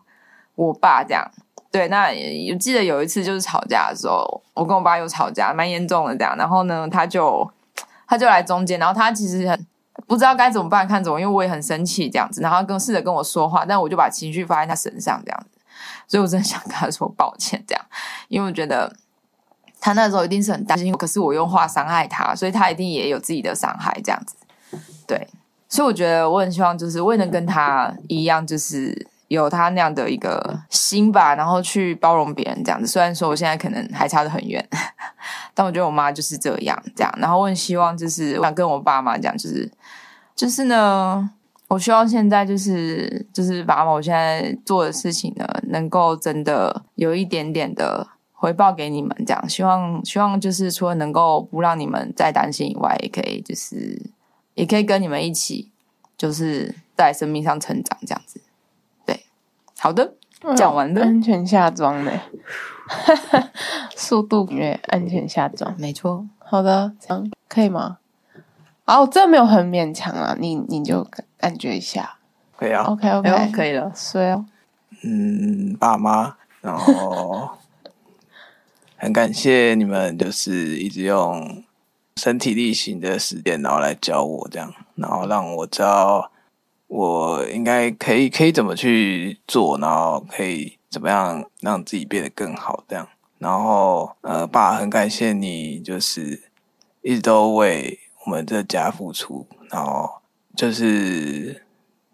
我爸這樣。對，那有記得有一次就是吵架的時候，我跟我爸又吵架，蠻嚴重的這樣。然後呢，他就他就來中間，然後他其實很。不知道該怎麼辦，看着我，因為我也很生氣，這樣子，然後跟試着跟我說話，但我就把情緒發在他身上，這樣子，所以，我真的想跟他說抱歉，這樣，因為我覺得他那時候一定是很擔心，可是我用話傷害他，所以他一定也有自己的傷害，這樣子，對，所以我覺得我很希望，就是我也能跟他一樣，就是有他那樣的一個心吧，然後去包容別人，這樣子。雖然說我現在可能還差得很遠，但我覺得我媽就是這樣，這樣，然後我很希望，就是我想跟我爸媽講，就是。就是呢，我希望現在就是就是把我現在做的事情呢，能夠真的有一點點的回報給你們，這樣，希望希望就是除了能夠不讓你們再擔心以外，也可以就是也可以跟你們一起，就是在生命上成長這樣子。對，好的，講、嗯、完了，安全下莊呢、欸， 速度與安全下莊，沒錯。好的，這樣，可以嗎？哦，真的沒有很勉強啊，你你就感覺一下，可以啊，OK OK，、哎，可以了，所以，哦，嗯，爸媽，然後 很感謝你們，就是一直用身體力行的實踐，然後來教我這樣，然後讓我知道我應該可以可以怎麼去做，然後可以怎麼樣讓自己變得更好這樣，然後呃，爸，很感謝你，就是一直都為。我們這家付出，然後就是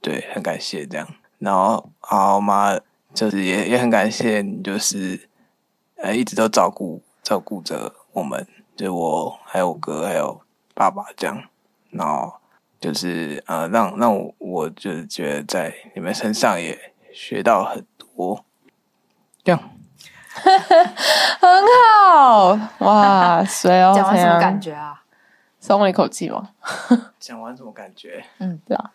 對，很感謝這樣。然後，阿媽就是也也很感謝你，就是呃一直都照顧照顧着我們，就我還有我哥還有爸爸這樣。然後就是呃讓讓我，我就是覺得在你們身上也學到很多，這樣 很好哇，所以哦！講完什麼感覺啊？鬆了一口氣嗎？講 完什麼感覺？嗯，對啊，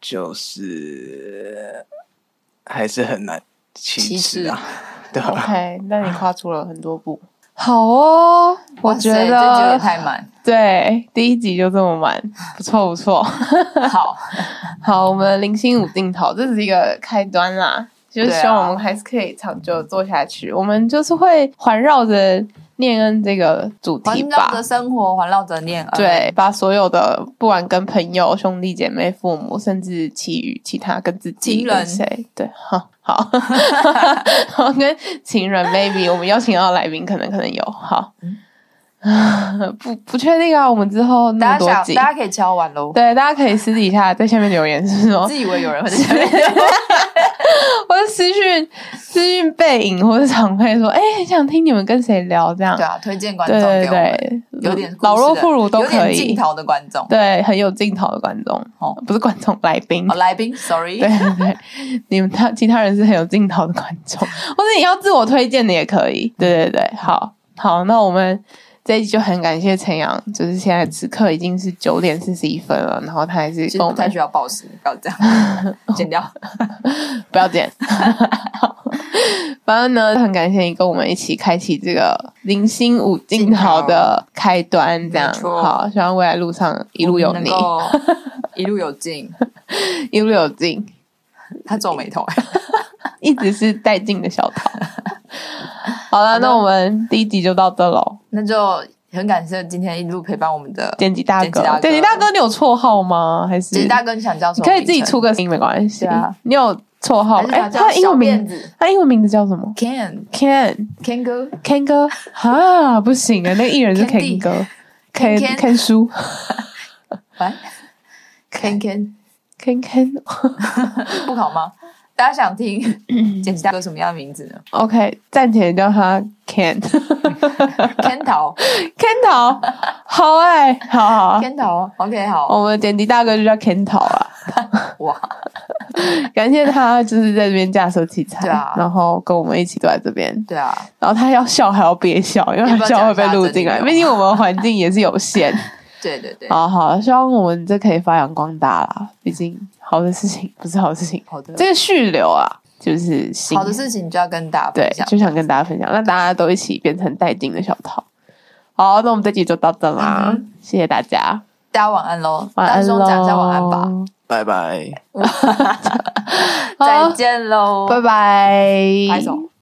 就是還是很難、啊，其實啊，對吧？OK，那你跨出了很多步 好哦，我覺得這也太滿，對，第一集就這麼滿，不錯不錯， 好好，我們零星五定投， 這是一個開端啦，就是希望我們還是可以長久做下去、啊，我們就是會環繞着。念恩這個主題吧，環繞着生活，環繞着念恩。對，把所有的，不管跟朋友、兄弟姐妹、父母，甚至其餘其他跟自己、情人。誰，對，好好， 好，跟情人 maybe， 我們邀請到來賓，可能可能有，好。嗯 不不確定啊，我們之後那大家想，大家可以敲完嘍。對，大家可以私底下在下面留言，是不是？ 自以為有人會在下面留言 或者私訊私信背影或者長輩說：“哎、欸，很想聽你們跟誰聊？”這樣對啊，推薦觀眾對對,對有點老弱婦孺都可以鏡頭的觀眾，對，很有鏡頭的觀眾哦，oh. 不是觀眾，來賓，oh, 來賓，sorry，對對對， 你們他其他人是很有鏡頭的觀眾， 或者你要自我推薦的也可以，對對對，好好，那我們。這一集就很感謝陳陽，就是現在此刻已經是九點四十一分了，然後他還是跟我們。不太需要報時，不要這樣， 剪掉，不要剪。 反正呢，很感謝你跟我們一起開啟這個零星五鏡頭的開端，這樣好，希望未來路上一路有你，一路有鏡， 一路有鏡。他皺眉頭、欸， 一直是帶勁的小頭。 好了，那我們第一集就到這了。那就很感謝今天一路陪伴我們的剪輯大哥。剪輯大哥，大哥你有綽號嗎？還是剪輯大哥你想叫什麼？你可以自己出個聲音沒關係啊。你有綽號？哎、欸欸，他英文名字，他英文名字叫什麼？Ken Ken Ken 哥 Ken 哥哈不行啊、欸，那個藝人是 Ken 哥。Ken 看書。What? Ken Ken Ken 不好嗎？大家想聽剪輯大哥什麼樣的名字呢？OK，暫且叫他 Kent Kentao Kentao 好哎、欸，好好 Kentao、okay, k 好、哦，我們剪輯大哥就叫 Kentao 啊。哇 ，感謝他就是在這邊架設器材、啊，然後跟我們一起坐在這邊。對啊，然後他要笑還要憋笑、啊，因為他笑會被錄進來，畢 竟我們環境也是有限。 對對對，好，好，希望我們這可以發揚光大了。畢竟好的事情不是好的事情，好的這個蓄流啊，就是好的事情就要跟大家分享，就想跟大家分享，讓大家都一起變成帶金的小套。好，那我們這集就到這啦，嗯嗯，謝謝大家，大家晚安嘍，晚安嘍，大中午講一下晚安吧，拜拜， 再見嘍，拜拜。